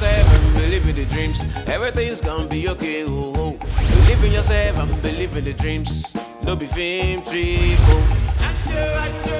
yourself and believe in the dreams. Everything's gonna be okay. Oh, oh. Believe in yourself and believe in the dreams. No be fame trip. Oh.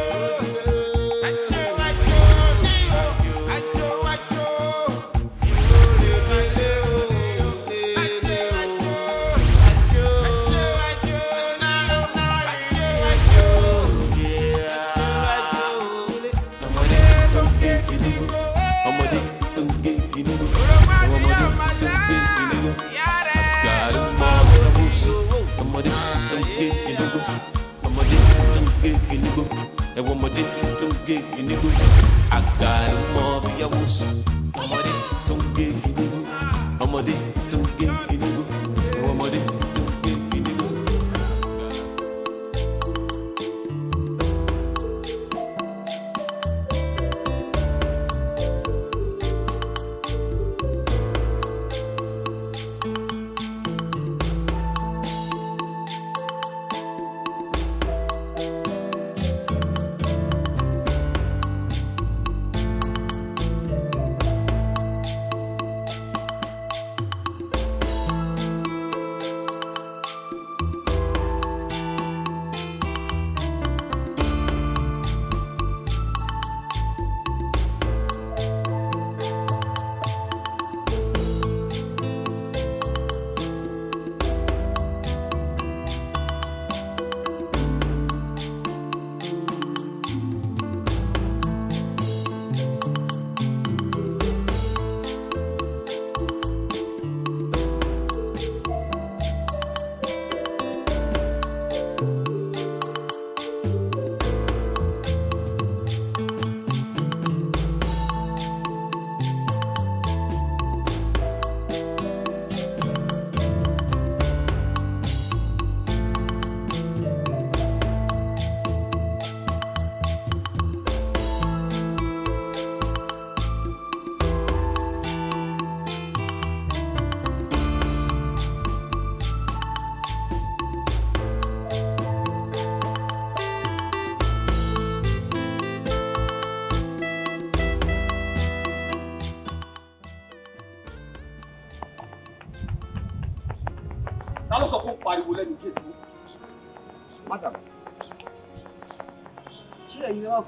Thank you.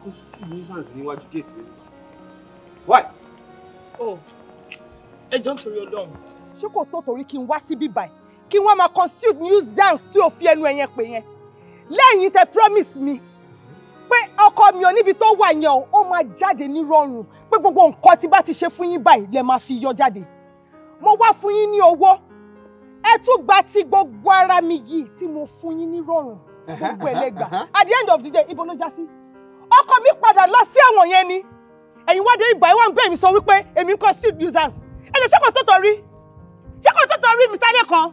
kó sí sí nuisance gate rẹ why. o oh, ẹ jọ ń torí Ọlọ́run. ṣé kò tó torí kí n wá síbí báyìí kí wọ́n máa consume nuisance tí o fi ẹnu ẹ̀yẹn pè yẹn lẹ́yìn tẹ promise mi pé ọkọ mi ò níbi tó wà yẹn o ó máa jáde ní rọrùn pé gbogbo nǹkan tí bá ti ṣe fún yín báyìí lẹ máa fi yọ jáde mo wá fún yín ní owó ẹ tún gba ti gbogbo ara mi yìí tí mo fún yín ní rọrùn gbogbo ẹlẹgbà at the end of the day ibo ló já sí ọkọ mi padà lọ sí ẹ̀wọ̀n yẹn ni ẹ̀yin wá dé ìgbà ìwà ń bẹ̀ mí sọ wípé èmi ń kọ́ street users ẹ lè ṣẹ́kọ̀ tó torí ṣẹ́kọ̀ tó torí mi sáré kan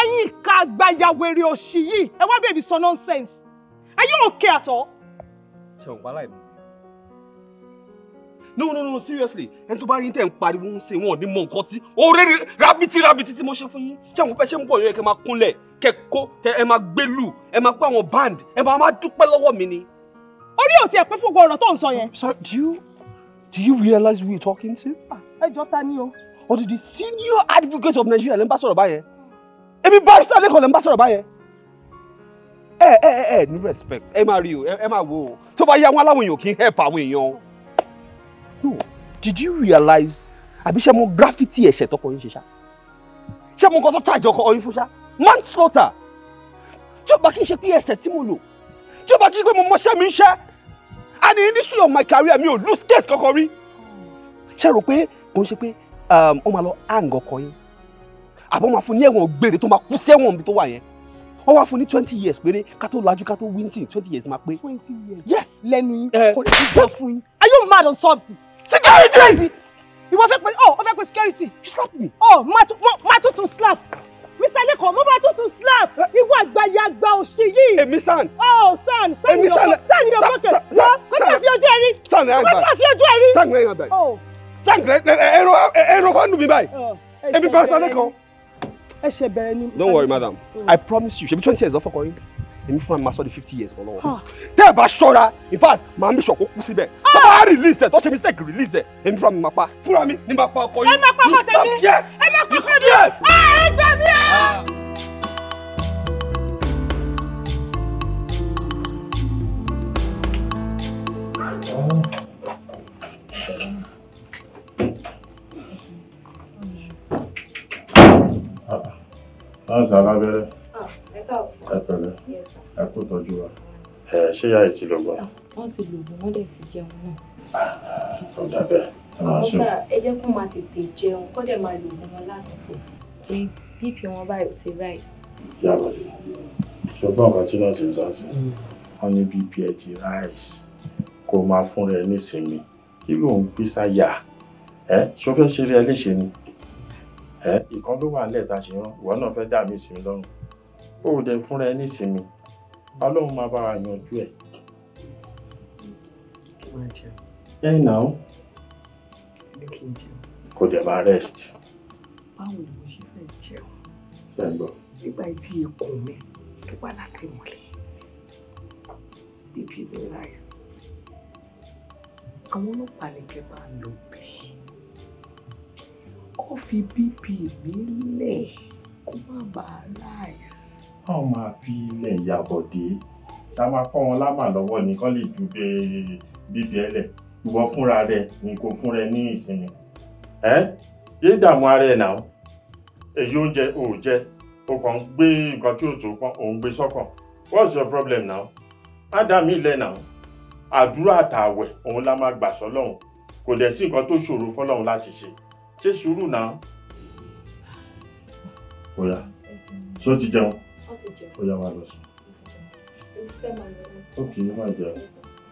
ẹ̀yin ìka àgbàyàwèrè òṣì yìí ẹ wá bẹ̀ mí sọ nonsense are you okay at all. ṣe ò gbálà ìlú no no no seriously ẹni tó bá rí tẹ̀ ń pariwo ń ṣe wọn ò ní mọ nǹkan tí oore rabiti rabiti tí mo ṣe fún yín ṣé àwọn pẹ́ṣẹ́ ń bọ̀ yẹn kẹ́ máa kúnlẹ̀ kẹ́ kó ẹ máa gbélù ẹ máa pa àwọn band ẹ máa máa dúpẹ́ lọ́wọ́ mi ni orí ò tiẹ̀ pé fún gbogbo ọ̀rọ̀ tó ń sọ yẹn. sorry do you do you realize who you're talking to. Ah, ẹjọ́ ta ni o. or did the senior advocate of Nigeria lè ń bá sọ̀rọ̀ báyẹn èmi barrister lẹ́kọ̀ọ́ lè ń bá sọ̀rọ̀ báyẹn ẹ ẹ ẹ ẹ ní respect ẹ máa rí o ẹ máa wo o tó bá yá wọn aláwọn èèyàn kì í help àwọn èèyàn no did you realize àbí ṣe mo graffiti ẹ̀ṣẹ̀ tọkọ yín ṣe ṣá ṣe mo nǹkan tó charge ọkọ yín fún ṣá manslaughter tí ó bá kí n ṣe pé ẹsẹ̀ tí mo lò tí o bá kí pé mo mọṣẹ́ mi ń ṣẹ́ and in the history of my career mi ò lose case kankan rí ṣe rò pé kò ń ṣe pé um, ó máa lọ hang ọkọ yín àbọ̀ máa fún ní ẹ̀wọ̀n gbére tó máa kú sẹ́wọ̀n bí tó wà yẹn wọ́n wá fún ní twenty years péré ká tó lajú ká tó win sí twenty years máa pé. twenty years yes lẹ́nu yín eh. kò lè ti fún yín are you mad on something. security ìwọ fẹ́ pé oh ó fẹ́ pé security. you slap me. oh má tuntun slap. Mr. Lekan mo bá tuntun slap ìwọ àgbàyàgbà òsì yìí. èmi sàn. ọ sàn sàn yóò kọ sàn yóò kọ kẹ wọ́n kọ́tà fi ojú ẹ rí. sàn ẹ àgbà kọ́tà fi ojú ẹ rí. sàn ẹ àgbà sàn ẹrọ ẹrọ kan dùn mí báyìí èmi kọ́ Mr. Lekan. ẹ ṣe ni. don't worry madam i promise you ṣe bí twenty years lọ́fọ̀kọ́ yín èmi fún mi máa sọ di fifty years kan lọ́wọ́ tẹ́ ẹ bá ṣọ́ra in fact màá mi ṣọ̀kó kú síbẹ̀ tó bá release ẹ̀ tó ṣe mistake release ẹ̀ èmi fúnra mi máa pa fúnra mi ni máa pa ọkọ yìí ẹ máa pa ọkọ tẹ̀mí yes ẹ máa pa ọkọ mi yes ah, ẹ gbà mí ẹ. Nossa, ela agora ẹ̀pẹ̀lẹ́ ẹ kú tọ́jú wa ṣé ìyá yìí ti lọ gbà. wọ́n ti lògùn wọ́n dẹ̀ ti jẹun náà. ó ah, dàbẹ̀ ẹ máa sùn. ọ̀sà ẹ jẹ́ kó máa tètè jẹun kó dẹ̀ máa lògùn wọn lásìkò pé bp wọn báyìí ò ti ráì. ìyá wọlé ṣùgbọ́n nǹkan tí nọ́ọ̀sì ń sọ sí hmm. wọn ní bp ẹ ti ráì kó máa fún rẹ nísinmi kí ló ń gbé sáyà ẹ ṣó fẹ́ ṣeré ẹ léṣe ni ẹ ìkan ló wà nílẹ̀ tá a ṣe rán ìwọ náà fẹ́ dà mí ìsinmi lọ́rùn ó dẹ̀ fúnra ẹ nísìnyí ọlọ́run máa bá wa yanjú ẹ̀. ẹ nà ó kò dẹ̀ máa rest. báwo ni mo ṣe fẹ́ jẹun. ṣe ń gbọ́. nígbà tí ikùn mi tó wà láti mọ̀lẹ́ bíbí mi láì àwọn ọlọ́pàá ní kẹ́ máa lò bẹ́ẹ̀ kó fi bíbí mi lẹ̀ kó má bàa láì táwọn máa fi ilẹ̀ ìyàbọ̀dé ṣá máa fọ́ wọn lámà lọ́wọ́ ni kán lè ju bíbí ẹlẹ̀ ìwọ fúnra rẹ ni kò fúnra ẹ ní ìsinmi ẹ yé dààmú ara ẹ náà èyí oúnjẹ ò jẹ o kàn ń gbé nǹkan tí ò tó kàn ò ń gbé sọ́kàn what's your problem now má dá mi lẹ̀ náà àdúrà àtàwẹ̀ òun la máa gbà sọ́lọ́hún kò dẹ̀ sí nǹkan tó ṣòro fọ́lọ́hún láti ṣe ṣe sùúrù náà. ó yá ṣó ti jẹun ó yá wa lọ sùn. ó kì í má jẹ.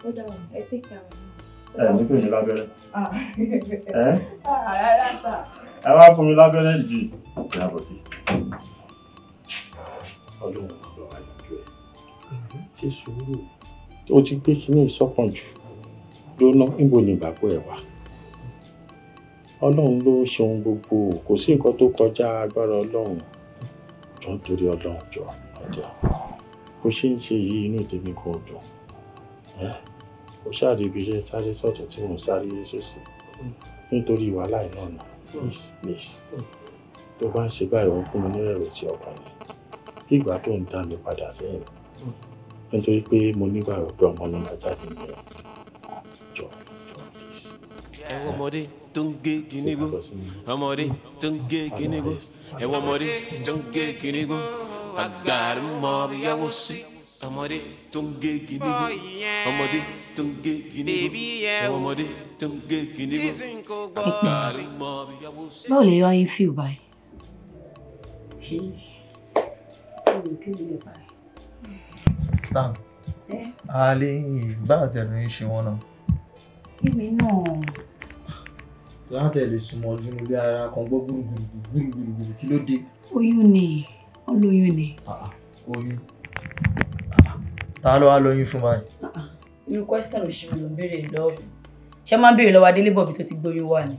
ó dára ẹ tẹ̀ kí àwọn. ẹ ní kò ní lábẹ́rẹ́. Ah. ẹ ah, ẹ wá fún mi lábẹ́rẹ́ yìí ìyàbọ̀ sí. ọlọ́run ló wà lójú ẹ̀. ṣé sùúrù o ti gbé kinní ìsọ̀kan jù lóná níbo ni ìgbàgbọ́ ẹ̀ wà ọlọ́run ló ń ṣe ohun gbogbo kò sí nǹkan tó kọjá agbára ọlọ́run tó ń torí ọlọ́run jọ ọjà bó ṣe ń ṣe yìí inú tèmi kò dùn ó ṣáàdì ibi iṣẹ́ sáré sọ̀tún tí mo sáré sósì nítorí wàhálà iná nà please tó bá ń ṣe báyìí wọ́n fún mi nírẹ̀rẹ̀ sí ọkàn mi bí ìgbà tó ń dá mi padà sẹ́yìn nítorí pé mo nígbàgbọ́ pé ọmọ mi máa jáde nìyẹn ẹwọ ọmọdé tó ń gé ginigbó ọmọdé tó ń gé ginigbó ẹwọ ọmọdé tó ń gé ginigbó agbára mọ ìyàwó sí ọmọdé tó ń gé ginigbó ọmọdé tó ń gé ginigbó ẹwọ ọmọdé tó ń gé ginigbó agbára mọ ìyàwó sí. báwo lè yọ ayé fi ò báyìí. sam alẹ́ yìí bá àtẹ̀rù yìí ṣe wọ́n náà. èmi náà látẹ̀ lè sùn mọ́ ọdún bí ara kan gbọ́ gbúrúgbùrú gbúrúgbùrú kí ló dé. oyún ni ọlọ́yún ni. Ah, ah, oyún ah, ta ló wá lóyún fún báyìí. irú question òṣèlú ló ń béèrè lọ́wọ́ ṣé máa ń béèrè lọ́wọ́ adélébọ̀bí tó ti gbóyún wà ni.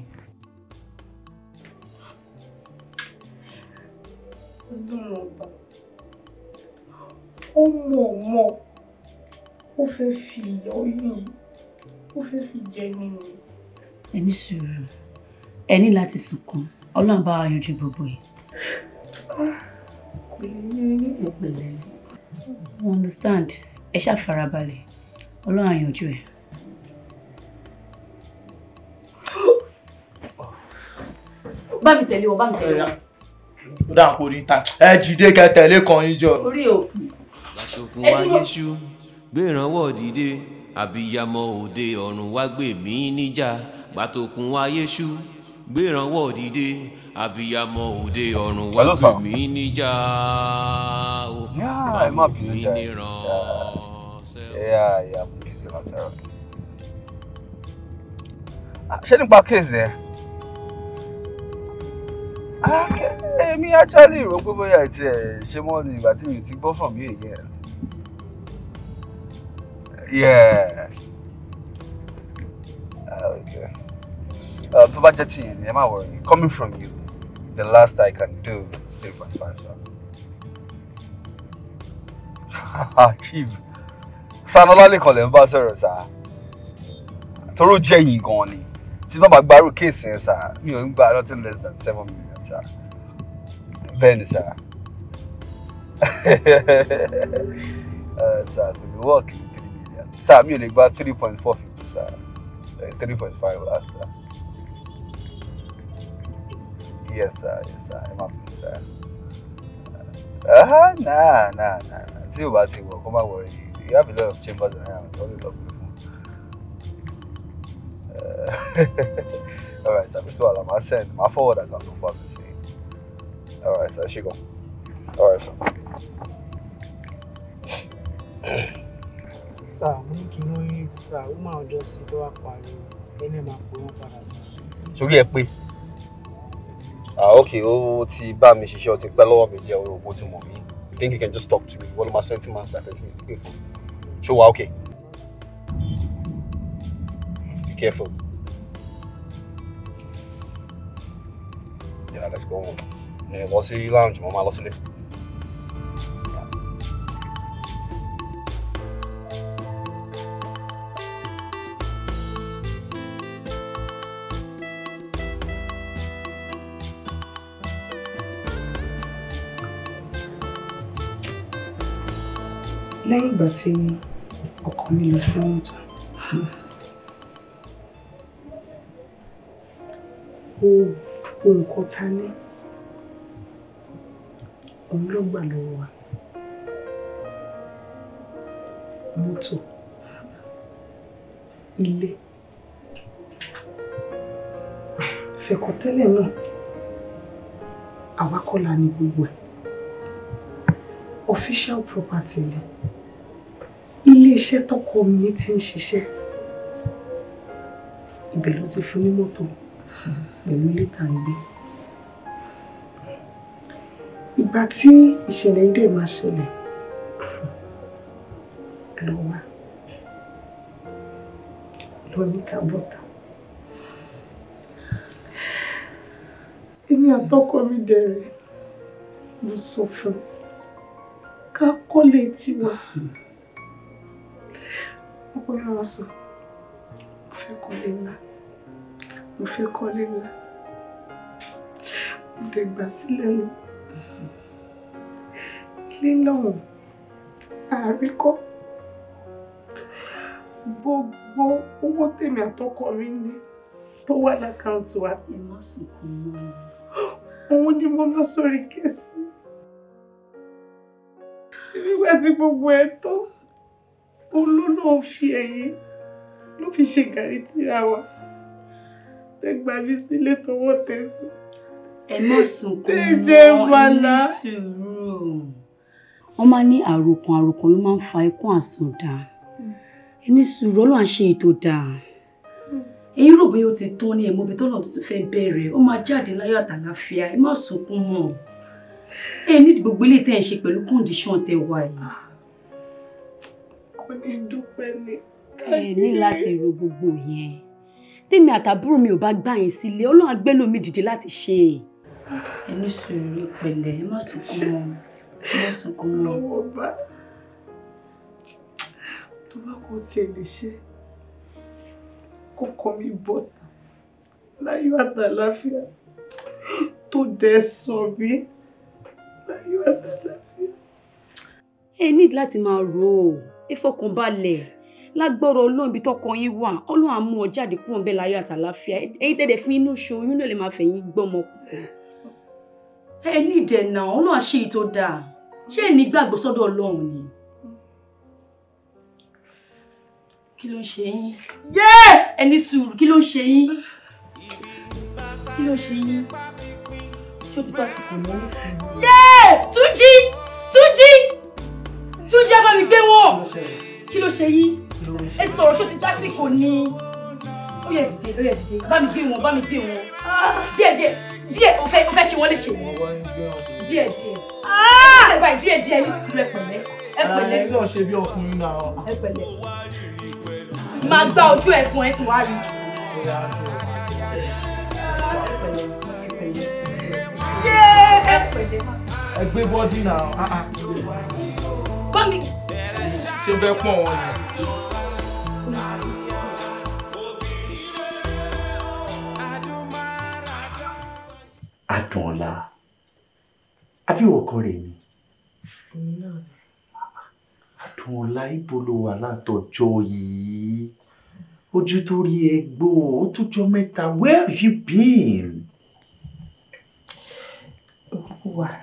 ó mọ̀ mọ̀ ó fẹ́ fi oyún ó fẹ́ fi jẹ mí ni. ẹni sùúrù ẹ ní láti sunkún ọlọ́run bá wa yanjú gbogbo yìí. mo understand ẹ ṣàfarabalẹ̀ ọlọ́run á yanjú ẹ̀. bá mi tẹ̀lé o bá mi tẹ̀lé o. ó dáa kó ní ta ẹ jíde kẹ tẹ̀lé kan yín jọ. orí o. aṣòkun ayé ṣú gbèrànwọ́ dìde àbíyamọ òde ọ̀run wá gbè mí níjà gbàtòkun ayé ṣú gbéranwọ́ dìde àbíyamọ òde ọ̀run wá gbè mí níjà o bá mi níran sẹ́wọ̀n. Ah, ṣé nípa kéèsì ẹ ah, èmi actually rò pé bóyá ìtì ẹ ṣe mọ ni ìgbà tí mi ti gbọ́ fún mi èyí ẹ. Yeah. Oh, okay tó bá jẹ́ tìyẹn ni worry coming from you the last I can do is three point five. chief sanolali lẹ́kọ̀ọ́ lẹ́ ń bá sọ̀rọ̀ sá toró jẹ́ yìí gan-an ni tí bá máa nothing less than seven million sá bẹ́ẹ̀ ni sá eh, sá kò ní wọ́ọ̀kì three million sá mi ò lè gba three point four fifty sá eh, three point five last sá yes sir yes sir ẹ má bínú sir náà náà náà tí o bá ti wọ̀ kó má wọrí you have a lot of chambers around all the love you eh, all right sir bisu ala ma send ma forward at am number to say all right sir ṣe gan all right sir. sir mo ní kí n lóyún sir ó máa ọjọ́ sí tó wà pariwo ẹni ẹ̀ máa Ah, okay o ti bá mi ṣiṣẹ́ o ti pẹ́ lọ́wọ́ mi jẹ́ o ò ti mọ̀ mí think you can just talk to me wọ́n ló máa sentiments àti ẹ̀sìn mi pè fún mi ṣé okay be careful yeah let's go home eh, ẹ lọ sí lounge mo máa lọ sílé. lẹ́yìn ìgbà tí ọkọ mi lọ sẹ́wọ̀n tán gbogbo nǹkan ta ní òun ló gbà lọ́wọ́ wa mọ́tò ilé fẹ̀kọ̀tẹ́lẹ̀ náà àwa kọ́ gbogbo ẹ̀ official property ni iṣẹ́ tọkọ mi ti ń ṣiṣẹ́ ibẹ̀ ló ti fún ní mọ́tò pẹ̀lú lítà ń gbé ìgbà tí ìṣẹ̀lẹ̀ ilé máa ṣẹlẹ̀ lọ wá lọ ní kábọ́tà èmi àtọkọ mi dẹ̀rẹ̀ mo sọ fún ká kọ́lé tiwa. Mm -hmm mo gbóyà wọn sàn mo fẹ́ kọ́lé ńlá mo fẹ́ kọ́lé ńlá mo dẹ̀ gbà sílẹ̀ nu lílọ́hùn àríkọ́ gbogbo owó tèmi àtọkọ mi ní tó wà lákàntì wa. ẹ má sunkún mọ́ òun ni mo lọ sórí kẹ́sì. ṣé nígbà tí gbogbo ẹ tán olólùwọ̀n fi ẹ̀yìn ló fi ṣe gàrí tíra wa tẹgbà mi sílé tọwọ́ tẹsí. ẹ má sunkún mọ́ ẹ ní sùúrù. wọ́n máa ní àròkàn àròkàn ló máa ń fa ikú àsundà ẹ ní sùúrù ọlọ́run ṣe ètò dáa èyí rò bóyá ó ti tó ní ẹ̀mọ́bi tó lọ́ọ́ tún fẹ́ bẹ̀rẹ̀ ó máa jáde láyọ̀ àtàlàáfíà ẹ má sunkún mọ́ ẹ ní gbogbo ilé tẹ́ ẹ ṣe pẹ̀lú kọ́ndíṣọ̀n tẹ wà kò ní mm. dúpẹ́ ni. ẹ ní láti ro gbogbo yẹn tèmi àtàbúrò mi ò bá gbà yín sílé ọlọ́run agbélómi dìde láti ṣe é. ẹ ní sùúrù pẹ̀lẹ́ ẹ má sunkún mọ́ ẹ má sunkún mọ́. lọ́wọ́ bá tó bá kò tiẹ̀ lè ṣe kó kọ́ mi bọ̀ tán láyọ̀ àtàláfíà tó dẹ̀ sọ mí láyọ̀ àtàláfíà. ẹ ní láti máa rò ó ẹ fọkàn balẹ̀ lágbọrọ Ọlọ́run ibi tọkọ yín wà Ọlọ́run á mú ọ jáde kúrò ń bẹ láyọ̀ àtàláfíà èyí tẹdẹ fún inú ṣo oyún náà lè máa fẹ̀yìn gbọ́mọ. ẹ ní ìdẹ̀nà Ọlọ́run àṣẹ yìí tó dáa ṣé ẹ ní gbàgbọ́ sọ́dọ̀ Ọlọ́run ni. kí ló ń ṣe yín. yé ẹ ní sùúrù kí ló ń ṣe yín. kí ló ń ṣe yín. ṣé o ti tó àsìkò mọ́. yé Túnjí Túnjí kí ló jẹ́ bá mi gbé wọn kí ló ṣe yí ẹ sọ̀rọ̀ ṣó ti dásìkò ni ó yẹ dìde ó yẹ dìde bá mi gbé wọn bá mi gbé wọn díẹ̀ díẹ̀ díẹ̀ o fẹ́ o fẹ́ ṣe wọ́n lè ṣe díẹ̀ díẹ̀ ah! ẹ báyìí díẹ̀ díẹ̀ ní sùúrù ẹ ah, pẹ̀lẹ́ ẹ pẹ̀lẹ́ ẹ náà ṣe bí ọkùnrin náà ẹ pẹ̀lẹ́ máa gba ojú ẹ fún ẹ tún wá rí ẹ pẹ̀lẹ́ ẹ gbé bọ́dí náà. Ah, bá mi. ṣé bẹ́ẹ̀ pọ̀ wọn ni. Adùnọ̀lá àbí ọkọ rẹ̀ ni. Adùnọ̀lá ibo ló wà látọjọ́ yìí ojú tó rí ẹ gbó ó tún where have you been? Wow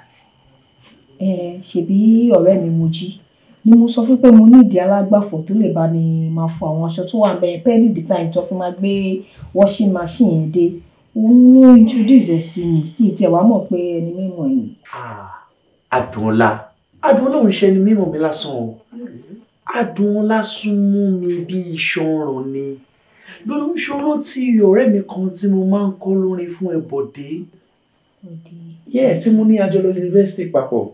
ẹ ṣèbí ọ̀rẹ́ mi Mojí ni mo sọ fún pé mo ní ìdí alágbàfọ̀ tó lè bá mi máa fọ àwọn aṣọ tó wà bẹ́ẹ̀ pẹ́ẹ́lí the time tó fi máa gbé washing machine yẹn dé òun ló introduce ẹ̀ sí mi kí n tiẹ̀ wá mọ̀ pé ẹni mímọ̀ ẹ̀ ni. Ah, Adùnọlá Adùnọlá òun ṣe ẹni mímọ̀ mi lásán o Adùnọlá sún mú mi bí iṣan ọrùn ni lóun ṣòro ti ọ̀rẹ́ mi kan tí mo máa ń kọ́ lórin fún ẹ̀ bọ̀dé yẹ́ẹ̀ tí mo ní àjọlọ yunifásitì papọ̀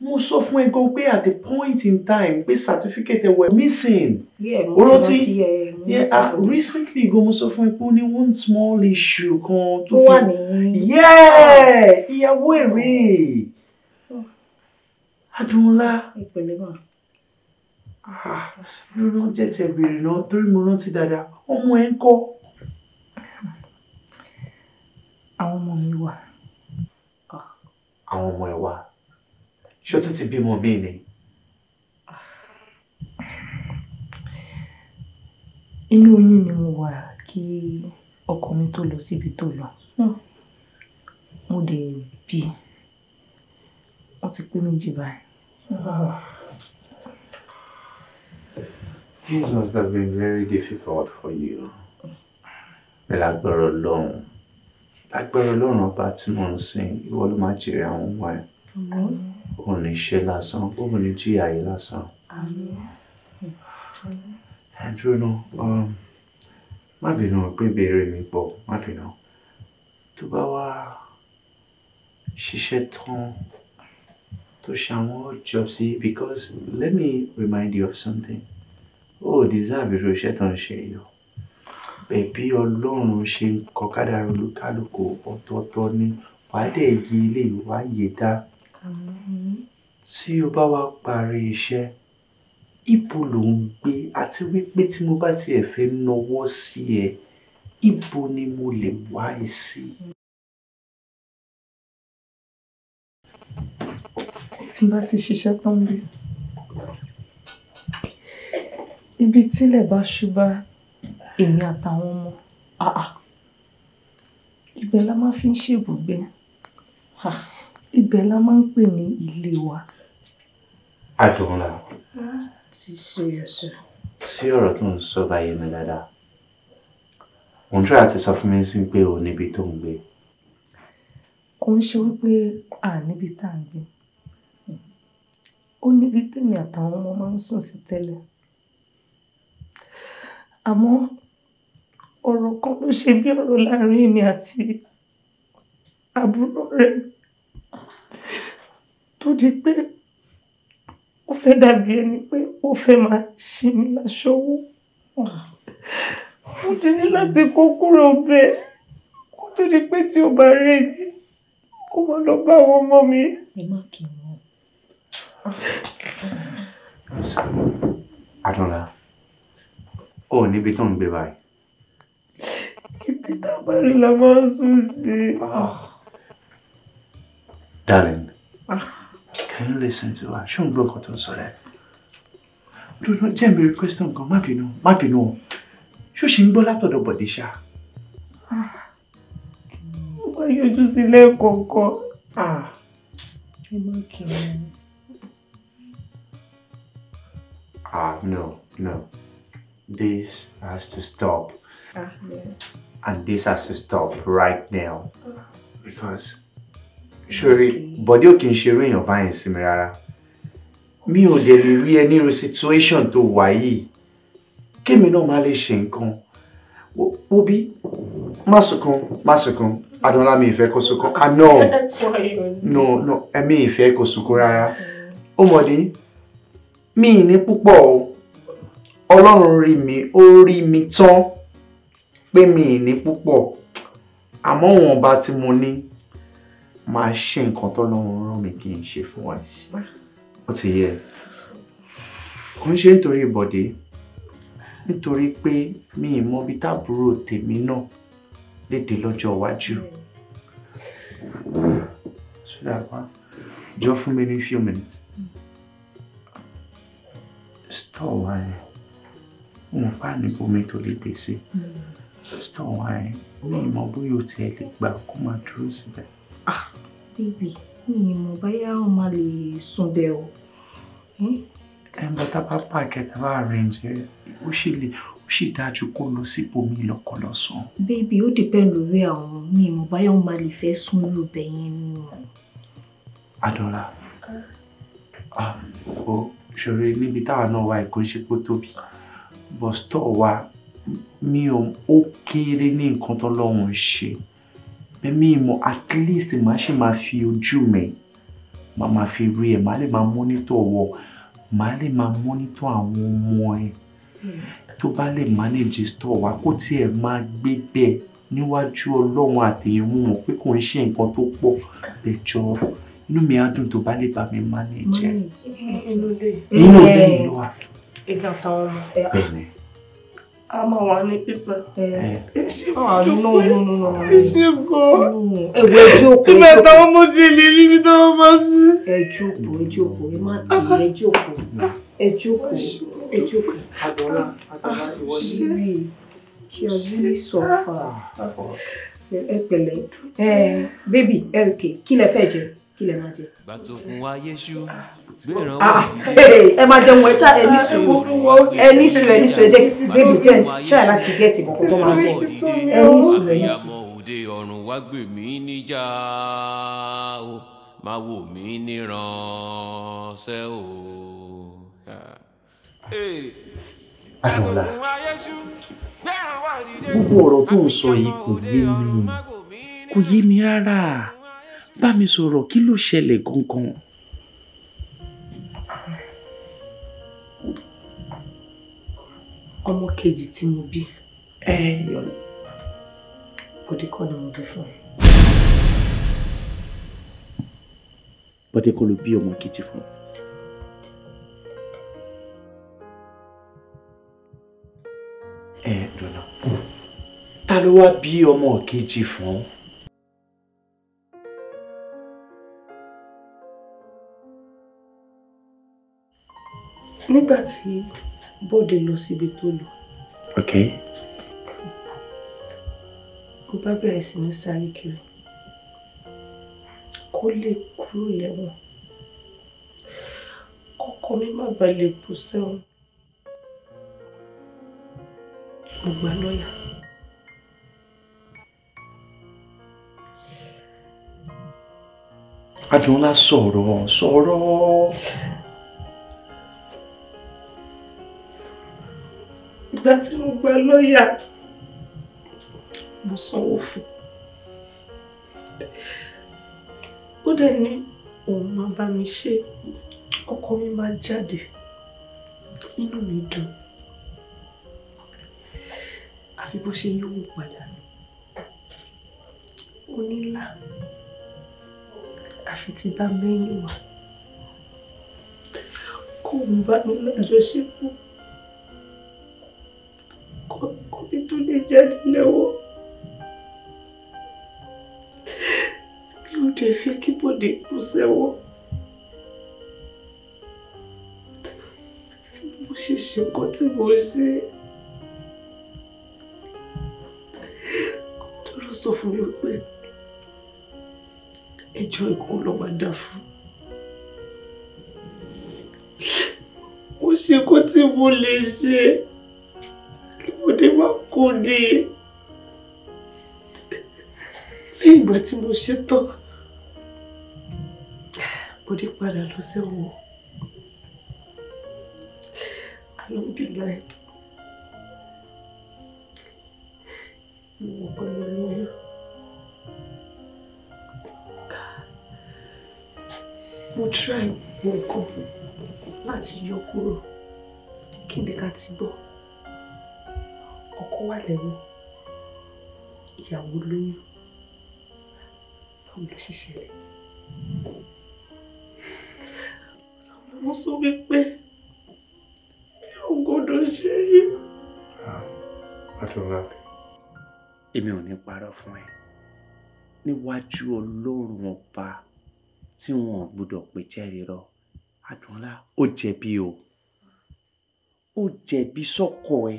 mo sọ fún ẹ pé at a point in time pé certificate ẹ were missing. olóòtí ah, recently gan mo sọ fún ẹ pé ó ní one small issue kan tó fi wà ní. ìyàwó èrè oh. Adúnlá. ìpele náà. Ah, lónà jẹ́ tiẹ̀ bèrè náà torí mo rántí dáadáa ọmọ ẹ ń kọ́. àwọn ọmọ mi wà. Ah, àwọn ọmọ ẹ wà ṣé o tún ti bímọ mí inú oyún ni mo wà kí ọkọ mi tó lọ síbi tó lọ hmm. mo dẹ̀ bí wọ́n ti pé méjì báyìí. This must have been very difficult for you. Lágbára Ọlọ́run. Lágbára Ọlọ́run ọba tí mò ń sìn, ìwọ ló máa jèrè àwọn ọmọ ẹ̀ òun ní ṣe lásán òun ní tí ààyè lásán. ẹ dúró náà má bínú pé béèrè mi pọ̀ má bínú tó bá wá ṣiṣẹ́ tán to Shamwo Jobsy because let me remind you of something. Oh, deserve irú iṣẹ́ tó ń ṣe yìí. Bẹ̀bí Ọlọ́run ṣe ń kọ kádàrá olúkálùkù ọ̀tọ̀ọ̀tọ̀ ni wàá dẹ̀ yí ilé ìwáyé dá tí o bá wá parí iṣẹ́ ibo lò ń gbé àti wípé tí mo bá tiẹ̀ fẹ́ nawọ́ sí ẹ ibo ni mo lè wá ẹ sí. tí bá ti ṣiṣẹ́ tán bí ibi tílẹ̀ bá ṣúbá èmi àtàwọn ọmọ ibẹ̀ la máa fi ń ṣèbùgbé. Ha ibẹ̀ la máa ń pè ní ilé wa. àdùnrà. ti ṣe ẹ̀sẹ̀. sí ọ̀rọ̀ tó ń sọ báyìí mi dáadáa òun tí wàá ti sọ fún mi sí pé o níbi tó ń gbé. kò ń ṣe wípé a níbi tá à ń gbé ó níbi tèmi àtàwọn ọmọ máa ń sùn sí tẹ́lẹ̀ àmọ́ ọ̀rọ̀ kan ló ṣe bí ọ̀rọ̀ láàrin mi àti àbúrò rẹ̀ tó di pé ó fẹ́ dàbí ẹni pé ó fẹ́ máa ṣe mí láṣọ owó mo ti ní láti kó kúrò bẹ́ẹ̀ kó tó di pé tí o bá rẹ̀ mí kó má lọ bá àwọn ọmọ mi. ẹ má kì í mọ. Adúnlá ó níbi tó ń gbé báyìí. ibi tá a bá rí la máa ń sùn sí. Ah. darling. Ah can you listen to her She won't gbọ́ nǹkan tó ń sọ rẹ̀ dúró jẹ́ ń béèrè question kan má bínú má bínú o ṣó ṣe ń gbọ́ látọ̀dọ̀ bọ̀dé ṣá. wọ́n yọjú sí lẹ́ẹ̀kọ̀ọ̀kan ṣé má Ah, no, no. This has to stop. Ah, yeah. And this has to stop right now. Ah. Because ṣòrí bọ̀dé ò kì í ṣerú èèyàn báyìí sí mi rárá mi ò dẹ̀ lè rí ẹ nírú situation tó wà yìí kémi náà má lè ṣe nǹkan wo bí má sunkún má sunkún adúlá mi ìfẹ́ kó sunkún ah no no no ẹ̀mí ìfẹ́ kó sunkún rárá ó mọ̀dé mi ní púpọ̀ o ọlọ́run rí mi ó rí mi tán pé mi ní púpọ̀ àmọ́ wọn bá ti mo ní máa ṣe nǹkan tọ́lọ́run rán mi kí n ṣe fún wa sí ó ti yẹ kò ń ṣe nítorí ìbọ̀dé nítorí pé mi ì mọ ibi táàbúrò tèmi náà léde lọ́jọ́ iwájú jọ fún mi ní few minutes stọ̀ wá ẹ̀ mo bá ní bomi tó lè dé sí stọ̀ wá ẹ̀ mi ì mọ bóyá o tiẹ̀ lè gbà kó máa dúró síbẹ̀ ah baby mi mo bóyá o máa lè sùn bẹ́ẹ̀ o. ẹnbọ tá a bá pàkẹ́ tá a bá arrange ẹ ó ṣì lè ó ṣì dájú kó lọ sí bomi lọkọ lọ baby ó depend lórí àwọn mi mo bóyá o máa lè fẹ́ sùn lóbẹ̀ yẹn ni o. Adọ́lá ó ṣòro níbi táwa náà wà kò ṣe kó tóbi bọ́sítọ̀ wa mi ò kéré ní nǹkan tó lọ́hùn ṣe èmi ìmọ̀ at least màá ṣì máa fi ojú mi màá máa fi rí ẹ màá lè máa mọ́nítọ̀ ọwọ́ màá lè máa mọ́nítọ̀ àwọn ọmọ ẹ tó bá lè manage store wa kó tiẹ̀ máa gbé bẹ́ẹ̀ níwájú ọlọ́run àtẹ̀yìn mú mọ̀ pé kò ń ṣe nǹkan tó pọ̀ bẹ̀jọ inú mi á dùn tó bá lè bá mi manage ẹ inú ilé ìlú wa. ìgbà táwọn ọmọ ẹ á a máa wà ní pípẹ́. no no no no. ṣe kọ́ ẹ̀wọ̀ ẹjọ́ òkú. ìgbà táwọn ọmọ ti lè rí ibi táwọn máa sùn sí. ẹjọ́ òkú ẹjọ́ òkú ẹ má tì í ẹjọ́ òkú ẹjọ́ òkú ẹjọ́ òkú. àdọ́lá àdọ́lá ìwọ ni rí she has really suffered. ẹ pẹ̀lẹ́ bébì ẹ kì í kí lẹ fẹ́ jẹ kí lè máa jẹ. gbàtòkun ayé ṣú gbèrò wọn. ẹ máa jẹun ẹ ṣáà ẹni sùn ẹni sùn ẹni sùn ẹ jẹ bébì jẹ ṣáà láti gẹẹtì kọkọ tó máa jẹ ẹni sùn ẹni sùn. òde ọ̀run wá gbè mí níjà o máa wò mí níranṣẹ́ o. gbogbo ọ̀rọ̀ tó ń sọ yìí kò yé mi, kò yé mi rárá bá mi sọ̀rọ̀ kí ló ṣẹlẹ̀ gangan. ọmọ kejì tí mo bí ẹ yọlọ bọdé kọ́ ni mo bí fún ẹ. bọdé kọ́ ló bí ọmọ kejì fún ẹ. ẹ dọ̀nà ta ló wá bí ọmọ kejì fún ọ. nígbà tí Bọ́dé lọ síbi tó lọ. ok. mo bá bẹ̀rẹ̀ sí ní sáré kiri kó lè kúrò lẹ́wọ̀n kọ́kọ́ mi má bàa lè bù sẹ́wọ̀n. mo gba lọ́yà. Adùnlá sọ̀rọ̀ sọ̀rọ̀. ìgbà tí mo gba lọ́ọ̀yà mo sanwó fún ó dẹ̀ ní òun máa bá mi ṣe ọkọ mi máa jáde inú mi dùn àfi bó ṣe yówó padà ó nílà àfi ti bá mẹ́yìn wá kóun bá mi lájọṣepọ̀ ọkùnrin tó lè jáde lẹ́wọ́. mi ò dẹ̀ fẹ́ kí Bọ̀dé kú sẹ́wọ́. mo ṣe ṣe nǹkan tí mo ṣe. tó ló sọ fún mi pé ẹjọ́ ikú ló máa dá fún. mo ṣe nǹkan tí mo lè ṣe. Bọ̀dé má kú ni. Lẹ́yìn ìgbà tí mo ṣetán, Bọ̀dé padà lọ sẹ́wọ̀n. Alhamdulillah. Mo pẹ́ mo lóyún. Mo try gbogbo nǹkan láti yọ kúrò kí ni ká ti gbọ́ ọkọ wà lẹ́wọ̀n ìyàwó lóyún báwo ló ṣe ṣẹlẹ̀. mo sọ wípé mi ò gbọdọ̀ ṣe é. Adúláàbí. Ah, Èmi ò ní parọ́ fún ẹ. Níwájú Ọlọ́run ọba tí wọn ò gbọdọ̀ pè jẹ́rìí rọ. Adúlá ó jẹ̀bi o. Ó jẹ̀bi sọ́kọ ẹ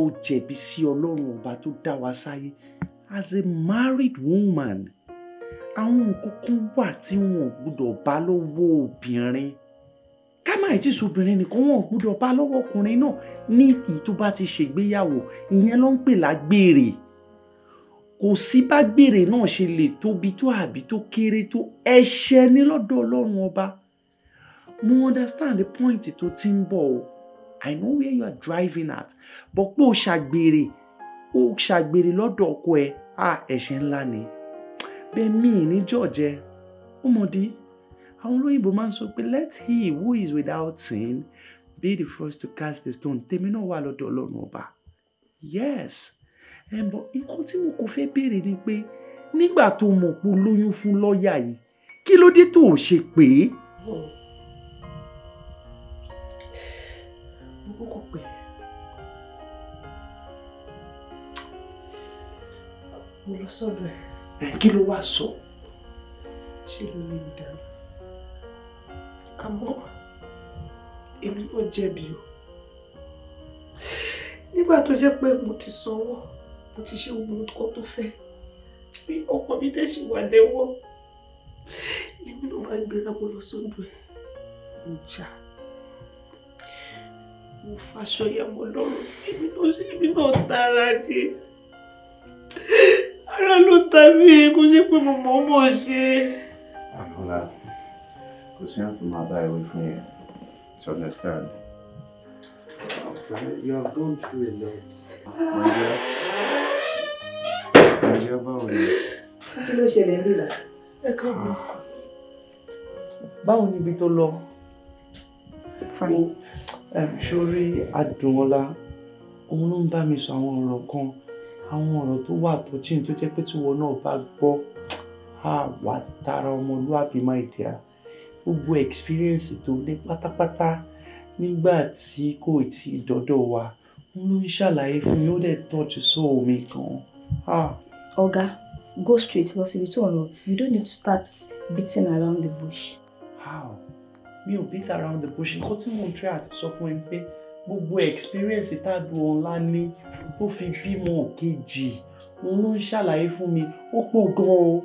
ó jẹ̀bi sí ọlọ́run ọba tó dá wa sáyé as a married woman àwọn nǹkan kan wà tí wọn ò gbúdọ̀ bá lọ́wọ́ obìnrin ká má ti sobìnrin nìkan wọn ò gbúdọ̀ bá lọ́wọ́ ọkùnrin náà ní ìtì tó bá ti ṣègbéyàwó ìyẹn ló ń pè lágbèrè kò sí bá gbèrè náà ṣe lè tóbi tó àbí tó kéré tó ẹ̀ṣẹ̀ ní lọ́dọ̀ ọlọ́run ọba mo understand the point tó ti ń bọ̀ o I know where you are driving at but pé o ṣàgbèrè o ṣàgbèrè lọ́dọ̀ ọkọ ẹ a ẹ̀ṣẹ̀ ńlá ni bẹ́ẹ̀ mi ní jọ̀jẹ́ ó mọ̀ dí àwọn olóyìnbó máa ń sọ pé let he who is without sin be the first to cast the stone tèmi náà wà lọ́dọ̀ ọlọ́run ọba yes ẹ̀bọ̀ nǹkan tí mo kò fẹ́ béèrè ni pé nígbà tó mọ̀ pé o lóyún fún lọ́ọ̀yà yìí kí ló dé tó o ṣe pé. Oh. gbogbo kò pẹ́. mo lọ sọ́dọ̀ ẹ̀. kí ló wá sọ. ṣé ló lè dáná. àmọ́ èmi náà jẹ̀bi o. nígbà tó jẹ́ pé mo ti sanwó mo ti ṣe ohun kan tó fẹ́ tí ọkọ mi dẹ̀ ṣì wà lẹ́wọ́ èmi náà máa gbéra mo lọ sọ́dọ̀ ẹ̀ mo mo faṣọ yẹn mo lọ́rùn èmi ló ṣe èmi náà tara jẹ ara ló ta mí kó ṣe pé mo mọ̀ mọ̀ ṣe. àfọlá kò sí àǹtí máa bá ìwé fún yẹn to understand. You have gone through a lot. My dear. My ni? Kí ló ṣẹlẹ̀ nílà? Ẹ káàbọ̀. Ah. Báwo ni ibi tó lọ? Fine sórí Adùnọlá òun ló ń bá mi sọ àwọn ọ̀rọ̀ kan àwọn ọ̀rọ̀ tó wà tó jìn tó jẹ́ pé tíwọ náà bá gbọ́ á wà dára ọmọlúwàbí máa dì á gbogbo experience tó ní pátápátá nígbà tí kò tí ì wa òun ló ń ṣàlàyé fún mi ó dẹ̀ tọ́jú sóò mi kan. ọ̀gá go straight lọ síbi tó ń lọ you don't need to start beating around the bush. How? mi ò beat around the bush nǹkan tí mò ń try àti sọ fún ẹ pé gbogbo experience tádùn ọ̀la ní tó fi bímọ kejì òun ló ń ṣàlàyé fún mi ó pọ̀ gan-an o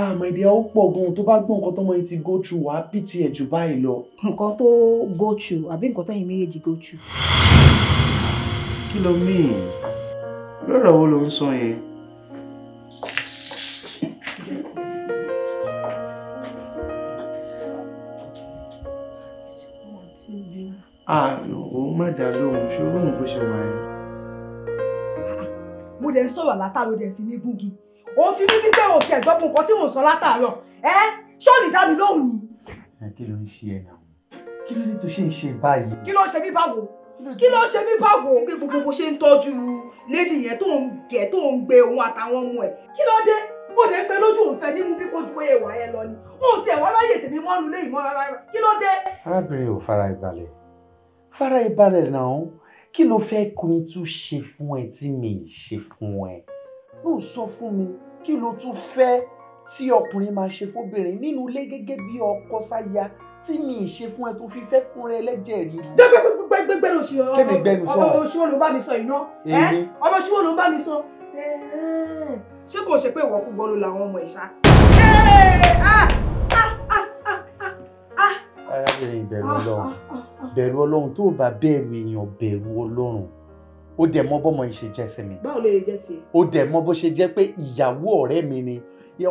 àmọ́ ah, èdè ó pọ̀ gan-an tó bá gbọ́ nǹkan tọ́mọ yìí ti go through wàá bì tiẹ̀ jù báyìí lọ. nǹkan tó go through àbí nǹkan tẹ́yìn méjèèjì go through. kí ló mean lọ́rọ̀ wo ló ń sọ yẹn. òun má dá lóhùn ṣòro òun bó ṣe wà yẹn. mo dẹ̀ ń sọ̀rọ̀ látàrọ̀ dẹ̀ fi mí gúngi òun fi mí wípé òun ẹ̀gbọ́n nǹkan tí mò sọ látàárọ̀ ẹ ṣọ́ọ̀lì dá mi lóhùn ni. kí ló ń ṣe ẹ náà kí ló dé tó ṣe ń ṣe báyìí. kí ló ṣe mí báwo kí ló ṣe mí báwo pé gbogbo bó ṣe ń tọ́jú lédi yẹn tó ń gẹ̀ tó ń gbé òun àtàwọn ọmọ ẹ̀ kí ló dé ó lè fẹ́ lójú òun fẹ́ nínú bí kò ju ẹwà ẹ lọ ni ó tiẹ̀ wá láyè tèmi mọ́nu lé ìmọ̀ rárá kí ló dé. arábìnrin ò fara ìbalẹ̀ farabalẹ̀ náà kí ló fẹ́ kí n tún ṣe fún ẹ tí mi ì ṣe fún ẹ ló sọ fún mi kí ló tún fẹ́ tí ọkùnrin máa ṣe fóbìnrin nínú ilé gẹ́gẹ́ bí ọkọ sáya tí mi ì ṣe fún ẹ tó fi fẹ́ fún rẹ ẹlẹ́jẹ̀ rí. gbẹgbẹgbẹgbẹgbẹgbẹ ló ṣe ọ kémi gbẹnu sọ ọ ọlọsí wo ló bá mi sọ iná ọlọsí wo ló bá mi sọ ṣé kò ṣe pé ìwọ kú gbọ́ ló làwọn ọmọ ìṣá. Ah! Ah! Ah! arábìnrin ìbẹ̀rù ọlọ́run. Ah. bẹ̀rù ọlọ́run tó o bá bẹ̀rù èèyàn bẹ̀rù ọlọ́run ó dẹ̀ mọ bọ́mọ yìí ṣe jẹ́ sí mi. báwo ló yẹ jẹ́ sí i. ó dẹ̀ mọ bó ṣe jẹ́ pé ìyàwó ọ̀rẹ́ mi ni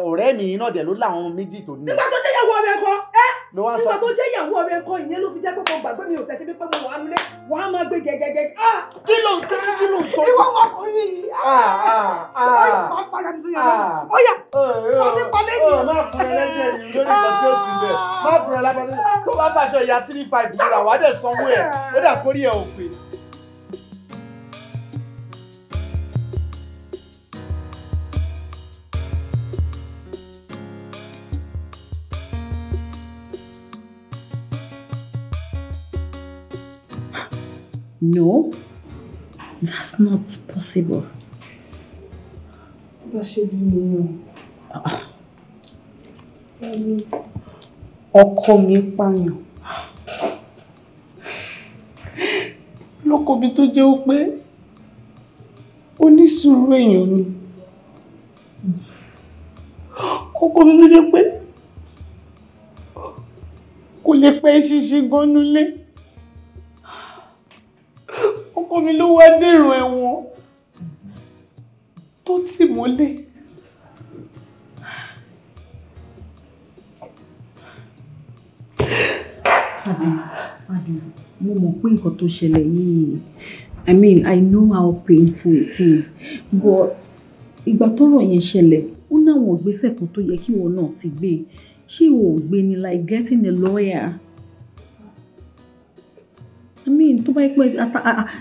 ọ̀rẹ́ mi iná dẹ̀ ló láwọn méjì tó ní. nígbà tó jẹ́ ìyàwó ọ̀rẹ́ kọ ẹ́ ló wá sọ. nígbà tó jẹ́ ìyàwó ọ̀rẹ́ ẹ̀kọ́ ìyẹn ló fi jẹ́ pé kò gbàgbé mi ò tẹ̀sí pé mo wà nílé wàá máa gbé gẹ́gẹ́gẹ́. Ah! kí ló ń tẹ́jú kí ló ń sọ. ìwọ wà kò ní yìí. Ah! Ah, ọyà pàgà sí yàrá ọyà má fúnra lẹ́jẹ̀ yìí lórí nǹkan tí ó sì bẹ̀ má fúnra lápá tó bá bàṣọ ìyá three five yìí rà wá dẹ̀ sanwó ẹ̀ ó dà kórìí ẹ̀ òfin. No, that's not possible. Ah. Ọkọ mi pààyàn. Lọ́kọ mi tó O ó pé onísùúrù èèyàn ni. Ọkọ mi tó jẹ́ pé kò lè pẹ́ ṣíṣe gan-an ọkọ mi ló wá dèrò ẹ̀wọ̀n tó tì mọ́lé. mo mọ̀ pé nǹkan tó ṣẹlẹ̀ yìí I mean I know how painful it is but ìgbà tọ́rọ̀ yẹn ṣẹlẹ̀ ó náwọn ìgbésẹ̀ kan tó yẹ kí wọn náà ti gbé ṣé ìwọ ò gbé ni like getting a lawyer. I mean tó bá yẹ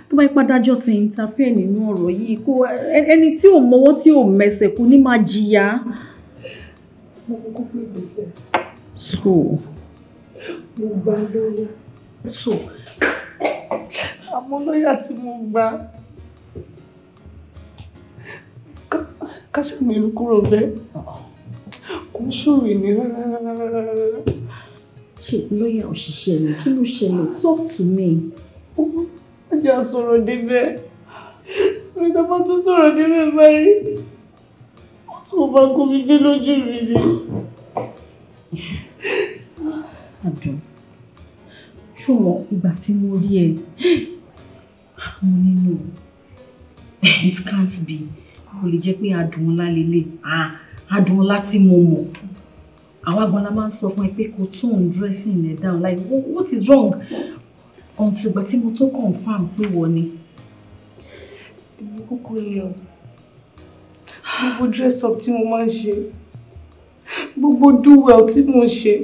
tó bá yẹ pé adájọ́ ti interfere nínú ọ̀rọ̀ yìí kó ẹni tí ò mọwọ́ tí ò mẹsẹ̀ kò ní máa jìyà. mo kọ́kọ́ pé gbèsè. so. mo gba lọ́yà. so. àmọ́ lọ́yà tí mo gba káṣá mi ló kúrò bẹ́ẹ̀ kò ń ṣòwò ní rárá lọ́yà òṣìṣẹ́ mi kí ló ṣẹlẹ̀ talk to me. ó jẹ́ sọ̀rọ̀ débẹ̀ mi tó bá tún sọ̀rọ̀ débẹ̀ báyìí wọ́n tún bá kó mi dé lójú mi ni. àdùn ṣùgbọ́n ìgbà tí mo rí ẹ mo nínú it can't be kò lè jẹ́ pé adùn ńlá lélẹ̀ ah, adùn ńlá tí mo mọ̀ àwa gan la máa ń sọ fún ẹ pé kò tone dressing ẹ down like what is wrong until ìgbà tí mo tó confam pé wọ ni. èmi kúkú yẹ o gbogbo dress up tí mo máa ń ṣe gbogbo do well tí mo ń ṣe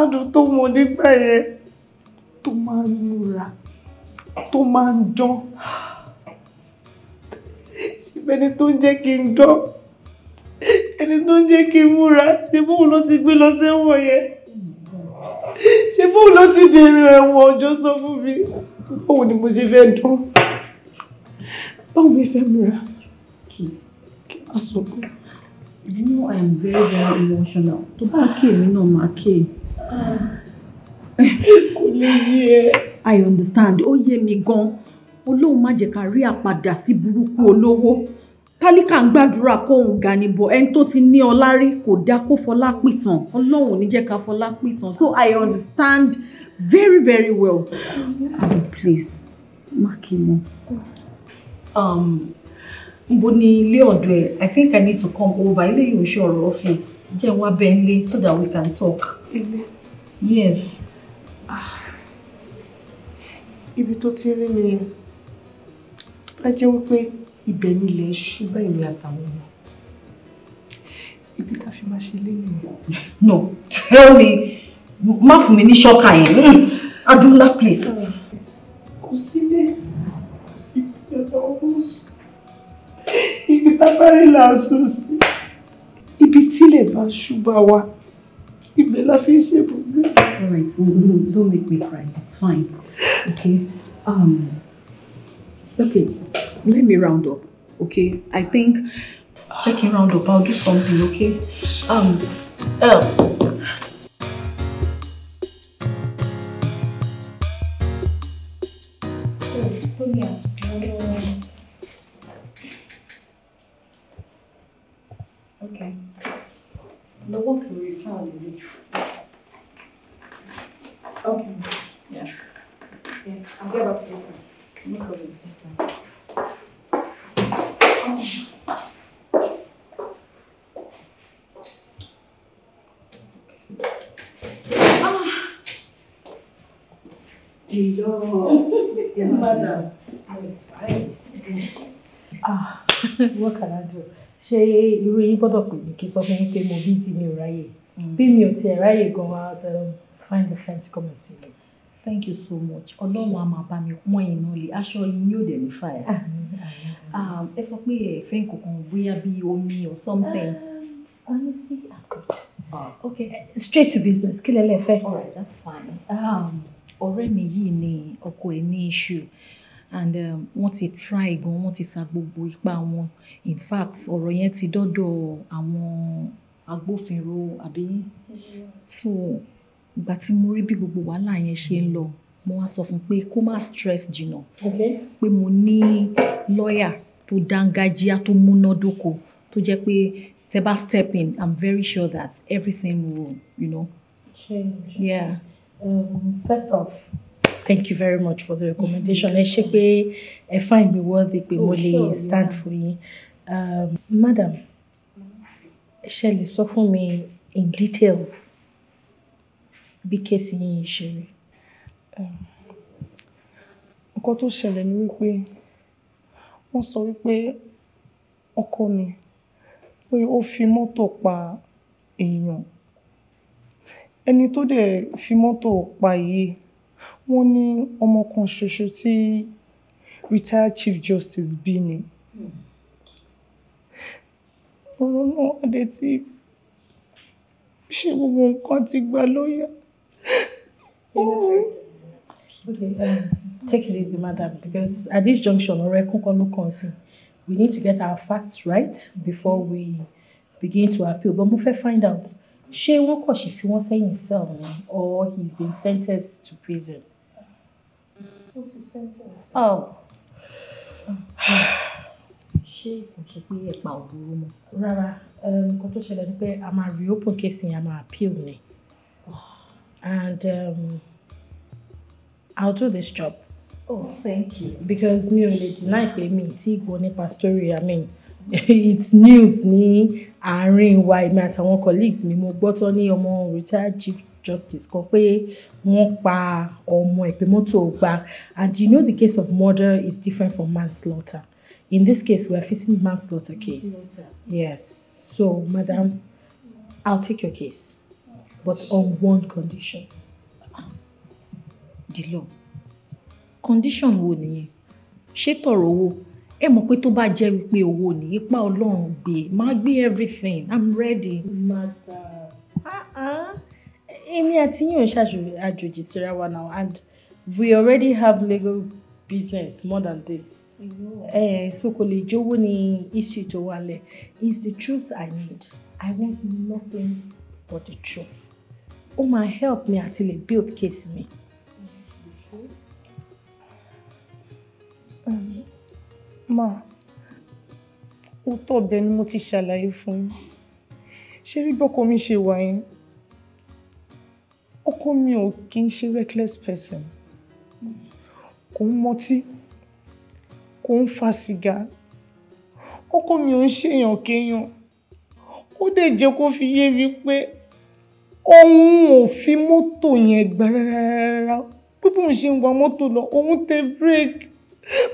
adùn tó mọ nígbà yẹn tó máa ń múra tó máa ń dán síbẹ̀ tó ń jẹ́ kí n dán ẹni tó ń jẹ́ kí n múra ṣe bóun ló ti gbé lọ sẹ́wọ̀n yẹn ṣe bóun ló ti dèrò ẹ̀wọ̀n ọjọ́ sọ fún mi bóun ni mo ṣe fẹ́ dán báwo mi fẹ́ múra kí kí wọ́n sọ fún mi. You know I am very very emotional tó bá kí èmi náà máa kí kò lè yé ẹ. I understand ó yé mi gan-an olóhùn má jẹ́ ká rí àpadà sí burúkú olówó. Oh tálíkà ń gbàdúrà kóhun ga ni bọ ẹni tó ti ní ọlá rí kò dá kó fọlá pìtàn ọlọ́run ò ní jẹ́ ká fọlá pìtàn so i understand very very well abi please má kí n mọ. Mbo um, ni ilé ọ̀dọ̀ ẹ̀, I think I need to come over. Ilé yóò ṣe ọ̀rọ̀ ọ́fíìsì. Jẹ́ wá bẹ́ẹ̀ nílé so that we can talk. Ilé. Yes. Ah. Ibi tó ti rí mi, ẹ jẹ́ wípé ibẹ̀ nílẹ̀ ṣúgbẹ́ ìwé àtàwọn ọmọ ibi tá fi máa ṣe lé nìyẹn. no tell me má fún mi ní ṣọ́kà yẹn hmm. adúlá place. kò sílẹ̀ kò sí ìjọba ọ̀hún sùn ibi tábàárẹ̀ là ń sùn sí ibi tílẹ̀ bá ṣùgbọ́n wa ibẹ̀ la fi ṣe ibùgbé. all right don't make me cry it's fine okay. Um, Okay, let me round up. Okay, I think. Check it round up. I'll do something. Okay. Um. Um. gbọ́dọ̀ pè mí kí sọ fún mi pé mo bí ti mi ò ráyè mm. bí mi ò tiẹ̀ ráyè gan-an I'll um, find the time to come and see you thank you so much ọlọ́run a máa bá mi pọ́n iná lé aṣọ yín yóò dẹ̀ ní fàyà ah, ẹ sọ pé ẹ fẹ́ nǹkankan bóyá bíi omi or something. Um, honestly i'm good. Ah, okay straight to business kí lẹ lè fẹ́. all right that's fine. Um, ọ̀rẹ́ mi yìí ni ọkọ ẹ̀ ní issue and um, wọ́n ti try gan wọ́n ti sa gbogbo ipá wọn in fact ọ̀rọ̀ yẹn ti dọ́dọ̀ àwọn agbófinró àbí so ìgbà tí mo rí bí gbogbo wàhálà yẹn ṣe ń lọ mo wá sọ fún pé kó má stress jìnnà pé mo ní lọ́ọ̀yà tó dángájíá tó múnádóko tó jẹ́ pé tẹ bá step in i'm very sure that everything will you know. change yeah. Um, first off thank you very much for the recommendation ẹ ṣe pé ẹ find be worthy pé mo oh, lè stand for yín um, madam ṣe lè sọ fún mi in details bí kéèsì yín ṣe rí. Um, nǹkan tó ṣẹlẹ̀ ni wípé wọ́n sọ wípé ọkọ mi pé ó fi mọ́tò pa èèyàn ẹni tó dẹ̀ fi mọ́tò pa yìí wọ́n ní ọmọ kan ṣoṣo tí retired chief justice bí ni ọ̀rọ̀ náà adé ti ṣe gbogbo nǹkan ti gba lọ́yà. take it easy, madam, because at this junction, we need to get our facts right before we begin to appeal. But mo fẹ́ find out, ṣé wọ́n kọ̀ ṣì fi wọ́n sẹ́yìn cell ni or he's been sentenced to prison? Oh. Oh. ṣé kò ṣe pé ẹ̀pà ò burú mọ́. rárá um, nǹkan tó ṣẹlẹ̀ ni pé a máa reopen case yẹn a máa appeal ni and um, I'll do this job. Oh, thank you. Because mi ò lè deny pé mi tí gbọ́ nípa story I mean it's news ní àárín wa èmi àtàwọn colleagues mi mo gbọ́ tán ní ọmọ retired chief justice kan pé wọ́n pa ọmọ ẹ̀ pé mọ́tò gba and you know the case of murder is different from manslaughter in this case we are facing manslaughter case yes so madam I'll take your case but on one condition the law condition wo nìyẹn ṣé tọrọ owó ẹ mọ̀ pé tó bá jẹ́ wípé owó ni ipa ọlọ́run gbé máa gbé everything i'm ready. mata ah ah èmi àti yín ò ṣàjòjì síra wa now and we already have legal business more than this. Eh, so kò lè jówó issue to Wale is the truth I need I want nothing but the truth. Oh my help me àti lè build case me. Um, ma ó tọ́ bẹ́ẹ̀ ni mo ti ṣàlàyé fún yín ṣé mi she wine ọkọ mi ò kí n ṣe reckless person kò ń mọtí kò ń fa sìgá ọkọ mi ò ń ṣèyàn kéèyàn ó dẹ̀ jẹ́ kó fi yé mi pé òun ò fi mọ́tò yẹn gbà rárá pé ṣe ń wa mọ́tò lọ òun tẹ bírèkì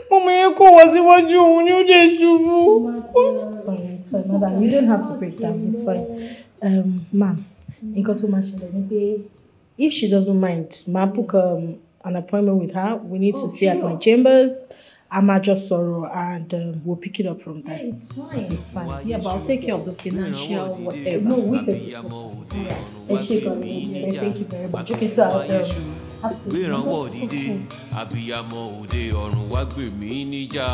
mọ́mọ yẹn kò wá síwájú òun ni ó dẹ̀ ṣubú. you don't have to break down it's fine. Um, ma'am nǹkan tó máa ṣẹlẹ̀ ni pé if she doesn't mind, ma book um, an appointment with her. We need oh, to see sure. at my chambers. I'm might just sorrow and um, we'll pick it up from there. Yeah, it's fine. It's fine. Yeah, but I'll take care of the financial whatever. No, we can discuss. Yeah. Thank you very much. Okay, so I'll tell you. gbérànwọ́ dìde òde ọ̀run wá gbè mí níjà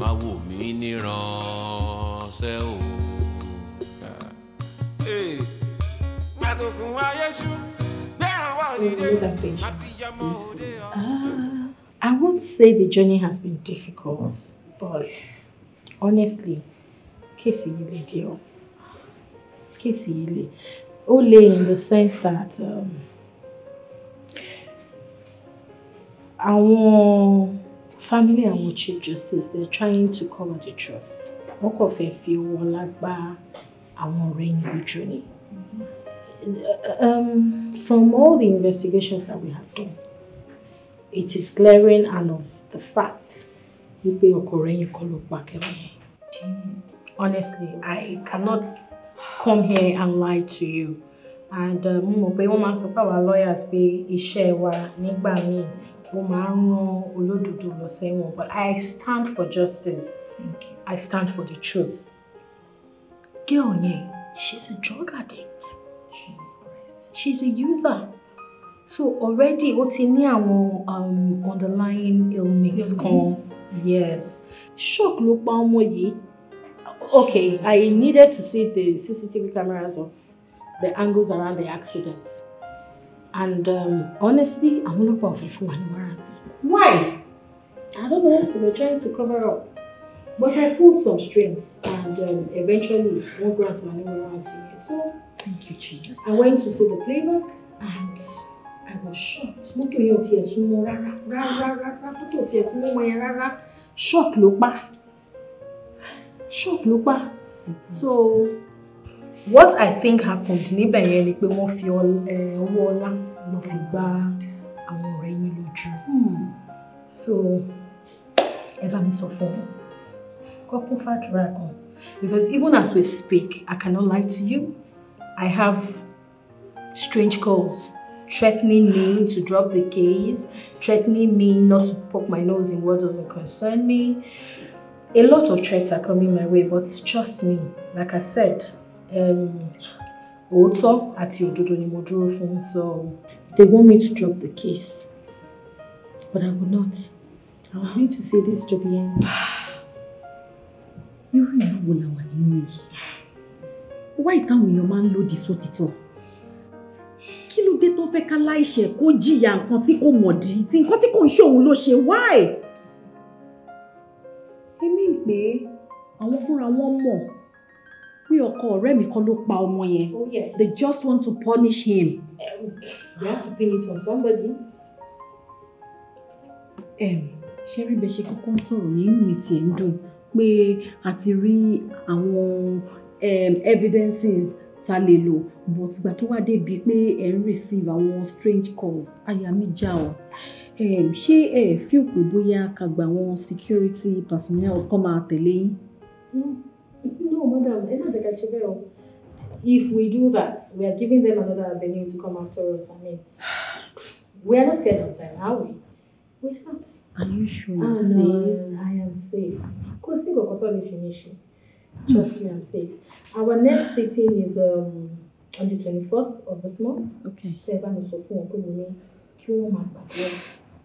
máa wò mí níran ṣẹ́ àtòkùn ayé ṣú gbẹ́ràn wà nílé àti yọmọ òde ah, I won't say the journey has been difficult, but honestly, Casey Yile deal. Casey Yile. Only in the sense that um, our family and our chief justice, they're trying to cover the truth. Wọ́n kàn fẹ́ fi owó ọlá gbá rainbow journey. Uh, um, from all the investigations that we have done, it is glaring and of the fact wípé ọkọ rẹ yẹn kọ́ ló pa kẹrin yẹn. Honestly, I cannot come here and lie to you and uh, mo mọ̀ pé wọ́n máa ń lawyers be share wa nígbà míì ó máa ń rán but I stand for justice. Okay. I stand for the truth. Girl yẹn, she's a drug addict. she's a user so already ó ti ní àwọn um, underlying ailments kan yes shock ló pa ọmọ yìí okay i needed to see the cctv cameras of the angles around the accident and um, honestly I'm not above fún wa ní why. i don't know they are trying to cover up. But I pulled some strings and um, eventually one grant my name around here. So thank you, Jesus. I went to see the playback and I was shocked. Mọ́tò yẹn ò tiẹ̀ Shock ló Shock ló So what I think happened níbẹ̀ yẹn ni pé wọ́n fi owó ọlá lọ fi hmm. So ẹ bá mi sọ Couple fat dragon. Because even as we speak, I cannot lie to you. I have strange calls threatening me to drop the case, threatening me not to poke my nose in what doesn't concern me. A lot of threats are coming my way, but trust me, like I said, um, at your ni so they want me to drop the case. But I will not. I'm going to say this to the end. irú ìlú wo la wà nínú èyí wáì táwọn èèyàn máa ń lòdì sótítọ́ kí ló dé tó fẹ́ ká láìṣẹ̀ kó jìyà nǹkan tí kò mọ̀dí tí nǹkan tí kò ń ṣe òun ló ṣe wáì èmi ń pè é àwọn fúnra wọn mọ̀ pé ọkọ ọ̀rẹ́ mi kọ́ ló pa ọmọ yẹn oh, they just want to punish him. you um, have to pin it on somebody. ṣé rí bẹ́ẹ̀ ṣe kọ́kọ́ ń sọ̀rọ̀ yìí ń mi tiẹ̀ ń dùn pé a ti rí àwọn um, evidences ta lè lò but ìgbà tó wá débi pé ẹ̀ ń receive àwọn strange calls àyà mi já o um, ṣé ẹ fi òpè bóyá ká gba àwọn security personnel kọ́ máa tẹ̀lé yín. no madam ẹ náà jẹ́ ká ṣe bẹ́ẹ̀ o if we do that we are giving them another avenue to come after us i mean we are not scared of them are we we are not. Are you sure you're oh, safe? I am safe. Kò sí nǹkan kan tó lè fi Trust me, I'm safe. Our next sitting is um, on the twenty fourth of this month. Okay. So ẹ bá mi sọ fún wọn pé mo ní kí wọ́n máa gbàdúrà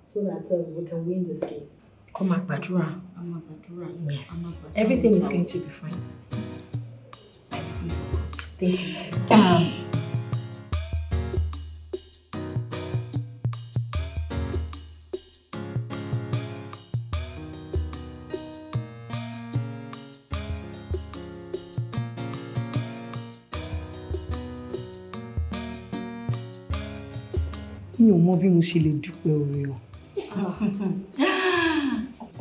so that um, we can win this case. Kọ́ máa gbàdúrà. A máa gbàdúrà. Yes. Everything is going to be fine. Thank you. Um, mi ò mọ bí mo ṣe lè dúpẹ́ oore o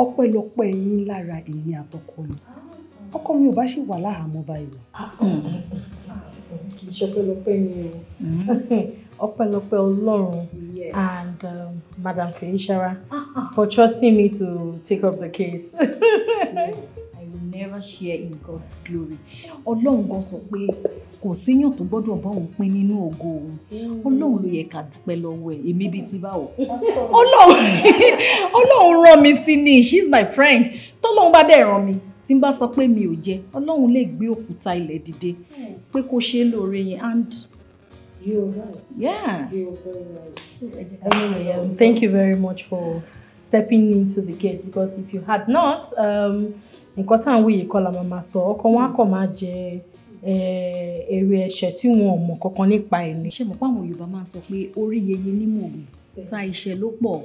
ọpẹ́lọpẹ́ yín lára èmi àtọkọ mi ọkọ mi ò bá ṣì wà láhàámọ́ báyìí. kì í ṣọpẹ́lọpẹ́ mi o mm-hmm. ọpẹ́lọpẹ́ Ọlọ́run and um, Madam Feliciara for trusting me to take up the case. never share in God's glory ọlọ́run gan sọ pé kò séèyàn tó gbọ́dọ̀ bá òun pín nínú ògo òun mm. ọlọ́run ló yẹ ká dúpẹ́ lọ́wọ́ ẹ̀ èmi bíi ti báwo ọlọ́run ọlọ́run rán mi sí ni she my friend tọ́lọ́run bá dẹ̀ rán mi tí n bá sọ pé mi ò jẹ ọlọ́run lè gbé òkúta ilẹ̀ dìde mm. pé kó ṣe é lóore yẹn and Yeah. Um, thank you very much for stepping into the gate because if you had not, um, nǹkan tá à ń wí yìí kọ́ la sọ ọkọ wọn á kọ̀ máa jẹ èrè ẹ̀ṣẹ̀ tí wọn ò mọ̀ kankan nípa ẹ̀ ni. ṣé mo pa àwọn Yorùbá máa sọ pé orí yeye ní mòògùn ta iṣẹ́ ló pọ̀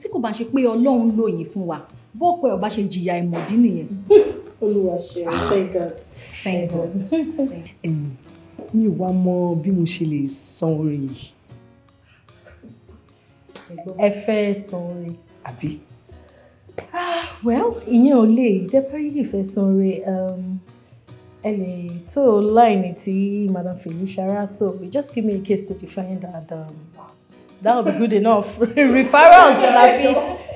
tí kò bá ṣe pé Ọlọ́run lò yín fún wa bọ́ọ̀pọ̀ ẹ̀ bá ṣe jìyà ìmọ̀dí nìyẹn. Olúwa ṣe thank God thank God. mi ò wá mọ bí mo ṣe lè san orin yìí. ẹ fẹ́ san orin. àbí well ìyẹn ò lè jẹ́ pẹ́rìlì fẹ́ sanre um, ẹ lè tó láìní tí madam Felicia tó we just give me a case to define that um, that would be good enough referrals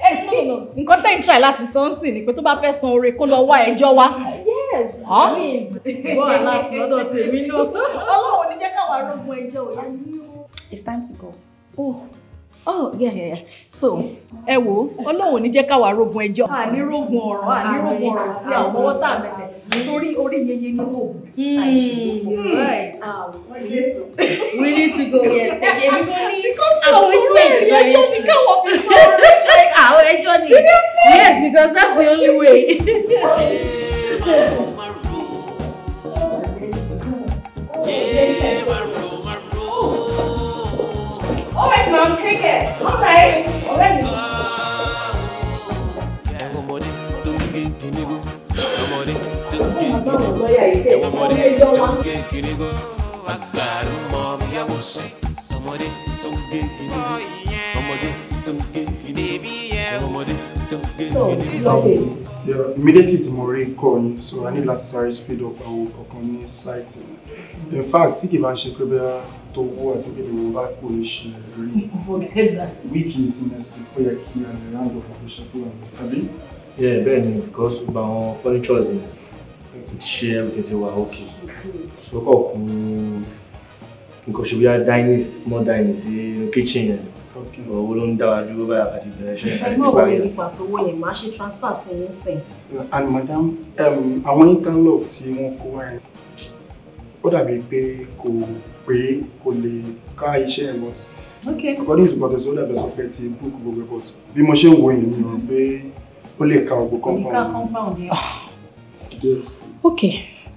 tàbí nǹkan tẹ́ ń try láti sọ ń sìn ni pé tó bá fẹ́ san oore kó lọ wá ẹjọ́ wá. yes i mean bọ́ aláàfin lọ́dọ̀ tèmi náà ọlọ́run ò ní jẹ́ káwa rọ́gbọ́n ẹjọ́ òyà. it's time to go. Oh oh yeah yeah yeah so ẹ wo ọlọ́run ò ní jẹ́ káwa rogun ẹjọ́. a ní rogun ọ̀rọ̀ a ní rogun ọ̀rọ̀ sí àwọn ọwọ́ tá a mẹsẹ̀ torí orí yeye hmm. ní wò. Hmm. Ah, we need to go yes èmi kò ní appointment lórí ẹjọ́ ah, àwọn ẹjọ́ ni yes because that's the only way. Yeah, Alright, mom, take it. All right. All right. Ẹ̀wọ̀n mọ́dé yeah, immediately tomorrow call rí so i need láti sáré speed up àwọn kankan ní site in fact tí kì bá ń ṣe pé bẹ́ẹ̀ tó wó àti pé polish bá kó lè ṣe rí wíìkì ìsinmẹ̀sì tó yẹ kí a lè round up àti ṣe tó wà ní tàbí. bẹ́ẹ̀ ni because gba àwọn furnitures yẹn ṣe everything ti wà okay so because kún nǹkan ṣe dining small dining sí kitchen bọ̀ owó ló ń dá wa dúró báyà àti bẹ̀rẹ̀ iṣẹ́ ìgbà ìgbà ìgbà ìgbà tó wọ yẹn máa ṣe transfer sí yín sìn. and madam um, àwọn interlock tí wọ́n kó wá yẹn ó dàbí pé kò pé kò lè ká iṣẹ́ ẹ̀ lọ sí. okay according to bọ̀dọ̀ sí ó dàbí sọ pé ti book gbogbo but bí mo ṣe ń wo yẹn mi rò pé ó lè ka ògbó compound. ìka compound yẹn. Ah, okay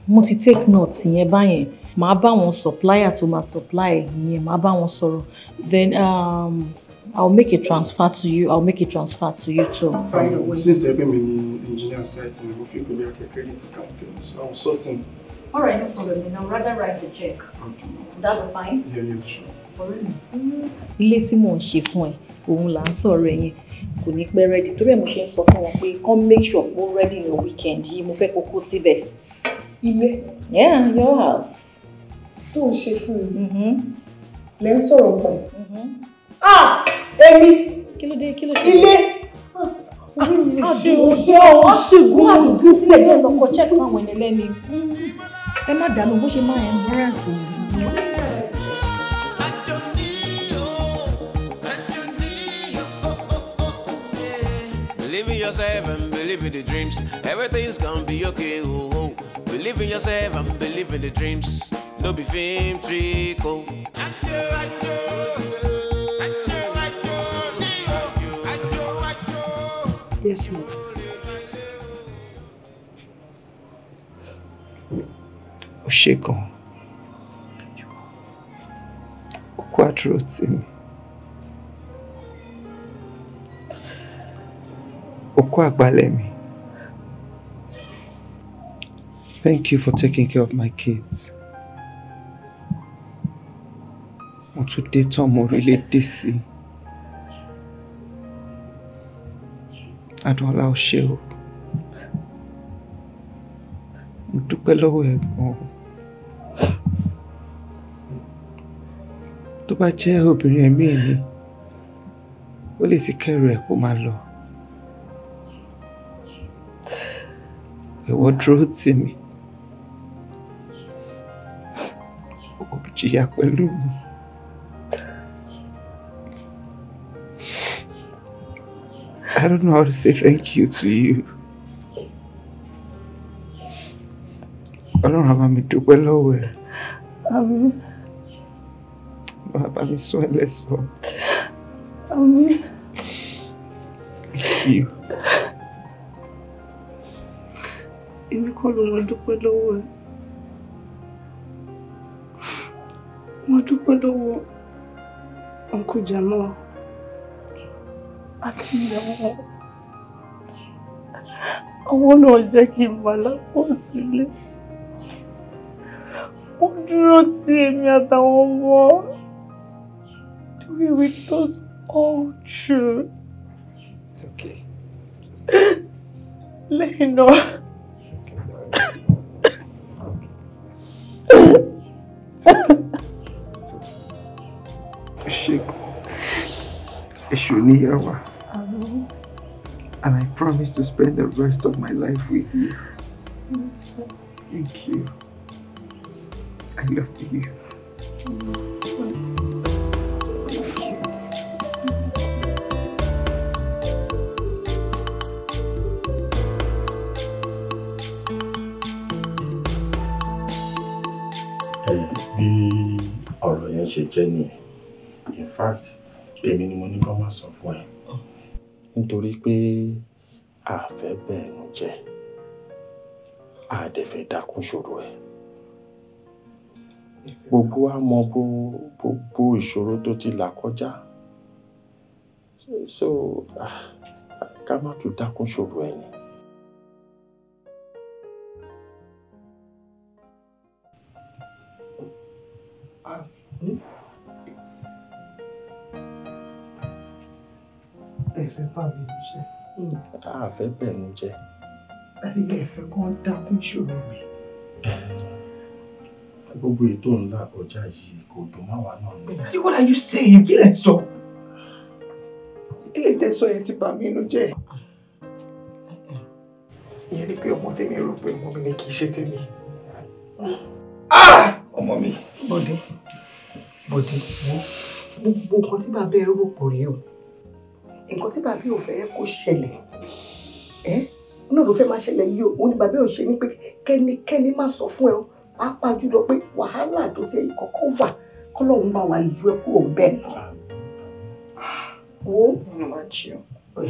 mo ti take note yẹn báyẹn màá bá wọn supplier tó máa supply yẹn màá bá wọn sọ̀rọ̀ Then um, I'll make a transfer to you. I'll make a transfer to you too. Right Since there have been many engineer site and if you could be like a credit account, so I'm certain. them. All right, no problem. Then rather write the check. Okay. Would that be fine? Yeah, yeah, sure. ilé tí mò ń ṣe fún ẹ òun là ń sọ̀rọ̀ ẹ̀yìn kò ní pẹ́ rẹ́dí torí ẹ̀ mo ṣe ń sọ fún wọn pé come make sure mo rẹ́dí ní weekend yìí mo fẹ́ kókó síbẹ̀. ilé. yeah your house. tó ń ṣe fún mi. Mm-hmm lẹ́ ń sọ̀rọ̀ pẹ̀. Mhm. ah èmi ilé àdìwọ̀ṣẹ́ ọ̀hún ṣègùn àdùn sílẹ̀ jẹ́ lọ́kọ̀ check fáwọn ẹni lẹ́ni ẹ má dànù bó ṣe máa embarrass òun. Believe in yourself and believe in the dreams. Everything's gonna be okay. Oh, oh. Believe in yourself and believe in the dreams no be fame trick oh. o. Yes, ma. O ṣe gan. O kó tì mí. O kó mi. Thank you for taking care of my kids. ó tún dé tán ọmọ orílẹ̀ dé sí i adúnọlá ó ṣe o mo dúpẹ́ lọ́wọ́ ẹ̀ gan-an tó bá jẹ́ obìnrin ẹ̀mí mi ó lè ti kẹ́rù ẹ̀ kó máa lọ ìwọ dúró tì mí ó pẹ̀lú mi. I don't know how to say thank you to you. Ọlọ́run àbá mi dúpẹ́ lọ́wọ́ ẹ̀. Àmín. Bàbá I'm so ẹlẹ́sọ̀. Àmín. Thank you. Èmi kọ́ ló mọ dúpẹ́ lọ́wọ́ ẹ̀. Mo dúpẹ́ lọ́wọ́ Uncle Jamal àti ìyàwó wọn. Àwọn náà jẹ́ kí n wà lápò sílé. Ó dúró ti èmi àtàwọn ọmọ. Doing with those all true. It's okay. Lẹ́yìn náà. Ṣé kò? Èṣù níyàwó. and I promise to spend the rest of my life with you. Thank you. I love you. bí in fact a minimum mo ní kọ́ máa nítorí pé a fẹ́ bẹ ẹnu jẹ́ a dẹ̀ fẹ́ dákún ṣòro ẹ̀ gbogbo wa mọ gbogbo ìṣòro tó ti là kọjá so ah, ká má tún dákún ṣòro ẹ̀ ni. Mm-hmm. ẹ̀fẹ́ bà mí mi jẹ́. àfẹ́ hmm. bẹ̀ mí jẹ́. àríyá ẹ̀fẹ́ kan dákún ìṣòro mi. gbogbo ètò ńlá kọjá yìí kò dùn má wa náà ní. daddy what are you saying kí lẹ sọ. ilé tẹ̀sán yẹn ti bà mí inú jẹ́. ìyẹn ni pé ọmọ tèmi rò pé ọmọ mi ni kì í ṣe tèmi. Ah! ọmọ mi. bọ̀dé bọ̀dé wo gbogbo nǹkan tí bàbá ẹ rò pọ̀ rèé o nǹkan tí bàbá ò fẹ́ kó ṣẹlẹ̀ ẹ́ náà ló fẹ́ máa ṣẹlẹ̀ yìí o òun ni bàbá ò ṣe ni pé kẹ́nikẹ́ni má sọ fún ẹ o pàápàá jùlọ pé wàhálà tó ti ẹ̀yìn kọ́kọ́ wà kọ́lọ́hún bá wa yọ ẹ́ kúrò bẹ́ẹ̀ nù. wo inú máa jẹ ọ wo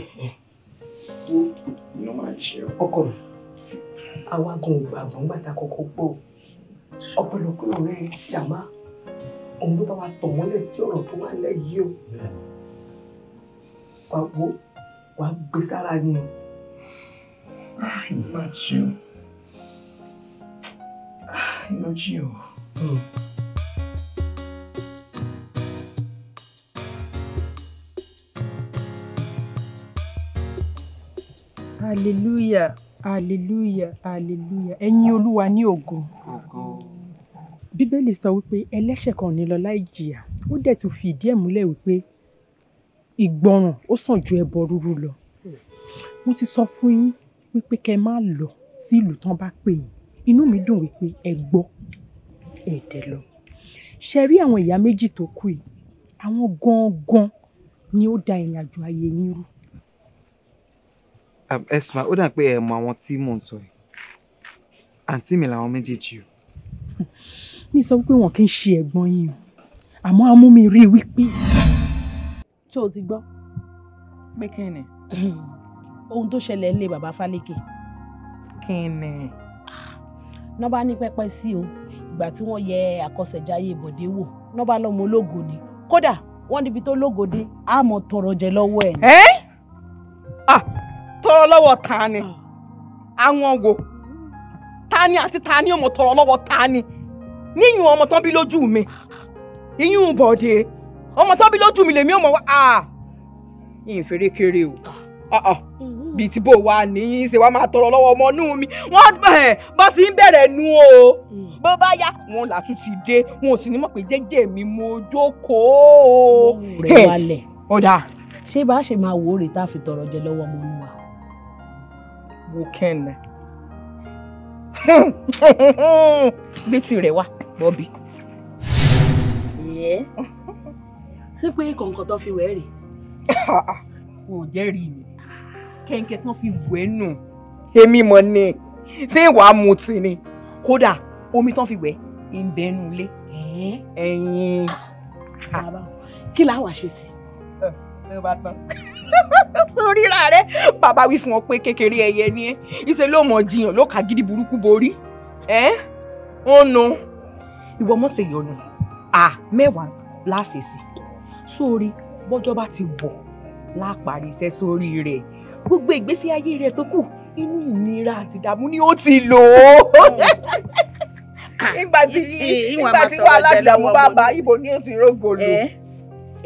inú máa jẹ ọ. ọkọ mi àwa gan ògbà àgbọ̀ngbà ta kọ́kọ́ gbọ́ ọ̀pọ̀lọpọ̀ ọ̀rẹ́ jàmá òun ló bá wa tọ̀ sí ọ̀rọ̀ tó wà lẹ́yìn o wà wò wà gbé sára ni o. ìgbà tí o iná jí o. Ah, hmm. hallelujah hallelujah hallelujah ẹ̀yin olúwa ní ògo. ògo bíbélì sọ wípé ẹlẹ́ṣẹ̀ kan ò ní lọ láì jìyà ó dẹ̀ tún fi ẹ̀ múlẹ̀ wípé ìgbọràn ó sàn ju ẹbọ rúrú lọ mo ti sọ fún yín wípé kẹ́ má lọ sí ìlú tán bá pè yín inú mi dùn wípé ẹ gbọ́ ẹ dẹ̀ lọ ṣe rí àwọn ìyá méjì tó kù yìí àwọn gangan ni ó da ìrìn àjò ayé yín rú. esma ó dà pé ẹ mọ àwọn tí mò ń sọ yìí àǹtí mi làwọn méjèèjì o. mi sọ wípé wọn kì í ṣe ẹ̀gbọ́n yín o àmọ́ amú mi rí i wípé tó o ti gbọ́ pé kí ni ohun tó ṣẹlẹ̀ ń lé bàbá Fálékè. kí ni. nọ́ba ní pẹ́pẹ́ sí o ìgbà tí wọ́n yẹ àkọsẹ̀jáyé ìbọ̀dé wò nọ́ba lọ́mọ ológo ni kódà wọ́n níbi tó lógo dé àmọ́ tọrọ jẹ lọ́wọ́ ẹ̀. ẹ́ ah tọrọ lọ́wọ́ ta ni ah. àwọn wo ta ni àti ta ni ọmọ tọrọ lọ́wọ́ ta ni níyùn ọmọ tán bí lójú mi ìyún bọ̀dé ọmọ tó bí lójú mi lèmi ò mọ̀ wá à ìfèrè kéré o bíi tí bò wá ní í ṣe wá máa tọrọ lọ́wọ́ ọmọ inú mi wọ́n bá ti ń bẹ̀rẹ̀ nu o mm. bó bá yá wọn là tún ti dé wọn ò sì ní mọ̀ pé jẹ́jẹ́ mi mo jókòó. rẹ̀ wálẹ̀ ọ̀dà. ṣé bá a ṣe máa wò ó rè tá a fi tọrọ jẹ lọ́wọ́ ọmọ inú wa. wo kẹ́ẹ̀nà gbé tirẹ̀ wá bọ́bí. yẹ́ẹ́ ṣé pé kọ̀ǹkọ̀ tó fi wẹ̀ rè. wọn ò jẹ́rìí mi kẹ̀ǹkẹ̀ tó fi wẹ̀ nù èmi mọ̀ ni ṣé ìwà mutí ni kódà omi tó fi wẹ̀ ń bẹ́nu lé ẹ̀yìn. kí la wàá ṣe sí. ẹ bá tán sóríra rẹ bàbá wí fún ọ pé kékeré ẹyẹ ni ẹ ìṣe ló mọ jiyàn ló kà gidi burúkú borí ẹ ó nu ìwọ mọ̀ ṣe yọnu à mẹ́wàá láṣẹ̀ṣì sórí bọ́jọ́ bá ti wọ̀ láparí iṣẹ́ sórí rẹ̀ gbogbo ìgbésí ayé rẹ̀ tó kù inú ìnira àti ìdààmú ni ó ti lò ó. Ah, nígbà tí nígbà tí wà láti dààmú bàbá ibo ni ó ti rògò lò. Eh,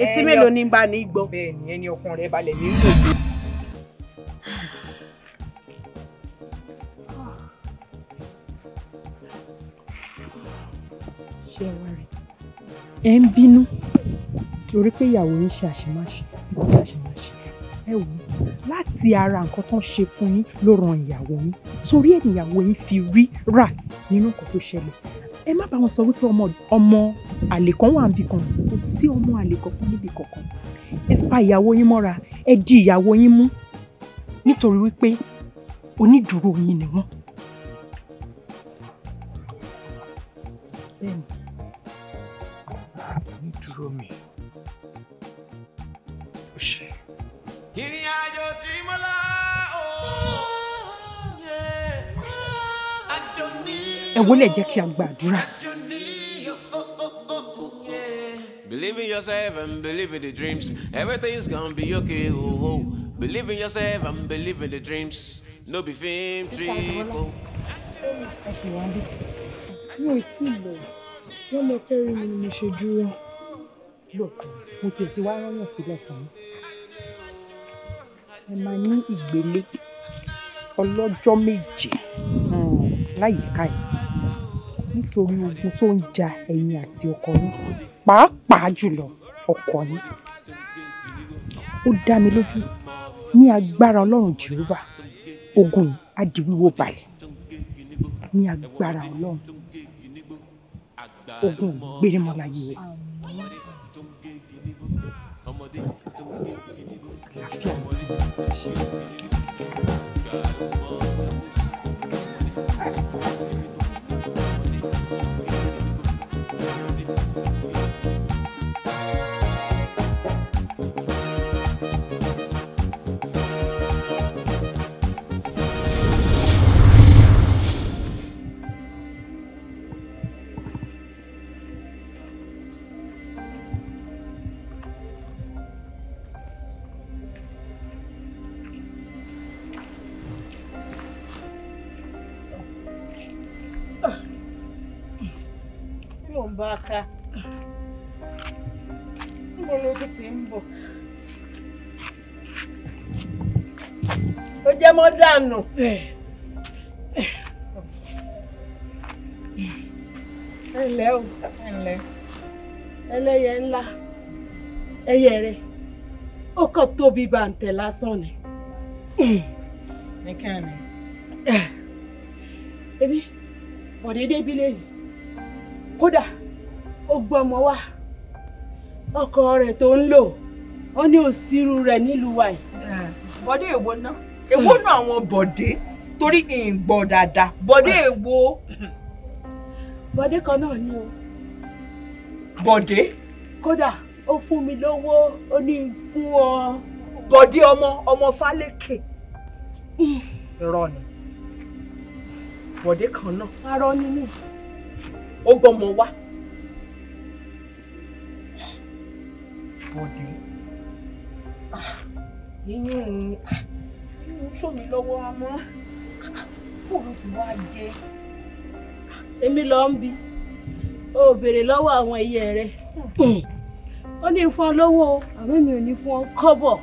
etí mélòó ni bá ní gbọ́. bẹ́ẹ̀ni ẹni ọkàn rẹ balẹ̀ ní ìlú. ṣé ẹ ń bínú torí pé ìyàwó yín ṣe àṣemáṣe ṣe àṣemáṣe ẹ wò ó láti ara nǹkan tó ń ṣe fún yín ló ran ìyàwó yín torí ẹ̀ níyàwó yín fi rí rà nínú nǹkan tó ṣẹlẹ̀ ẹ má bá wọn sọ wípé ọmọ ọmọ àlè kan wà níbì kan kò sí ọmọ àlè kankan níbì kankan ẹ fa ìyàwó yín mọ́ra ẹ di ìyàwó yín mú nítorí wípé onídùúró yín ni wọ́n. dùbúlẹ̀ jẹ́ kí a gbàdúrà. Believe in yourself and believe in the dreams. Everything's gonna be okay. Oh, oh. Believe in yourself and believe in the dreams. No be fame trick. Oh. Mi nítorí ogun tó ń ja ẹ̀yin àti ọkọ yín pàápàá jùlọ ọkọ yín ó dá mi lójú ní agbára ọlọ́run jehova ogun yìí á di balẹ̀ ní agbára ọlọ́run ogun gbérémọ́lá yìí Thank you. Thank you. mbọ aka mbolokiti mbọ ó jẹ́ mọ́ dànù. ẹ ǹlẹ́ o ẹ ǹlẹ́ ẹlẹ́yẹ ńlá ẹyẹ rẹ ó kàn tóbi bàǹtẹ̀ lásán ni. nìkan ni. ebi bọ̀dé débi lẹ́yìn kódà ó gbọ́mọ wá ọkọ rẹ̀ tó ń lò ó ní òsirú rẹ̀ nílùú wa yìí. bọ́dé èwo ná èwo ná àwọn bọ̀dé torí ìgbọ̀ dáadáa bọ́dé èwo. bọ́dé kan náà ni o. bọ́dé. kódà ó fún mi lówó ó ní fún ọ. bọ́dé ọmọ ọmọ fálékè. irọ́ ni bọ́dé kan náà. arọ ni mí. ó gbọ́mọ wá Bọ̀dé ìyún ìyún sómi lọ́wọ́ ọmọ kò ló ti wá jẹ. Èmi lọ ń bi o béèrè lọ́wọ́ àwọn ẹyẹ rẹ̀ hmm. ó ní fún ọ lọ́wọ́ àmọ́ mi ò ní fún ọ kọ́bọ̀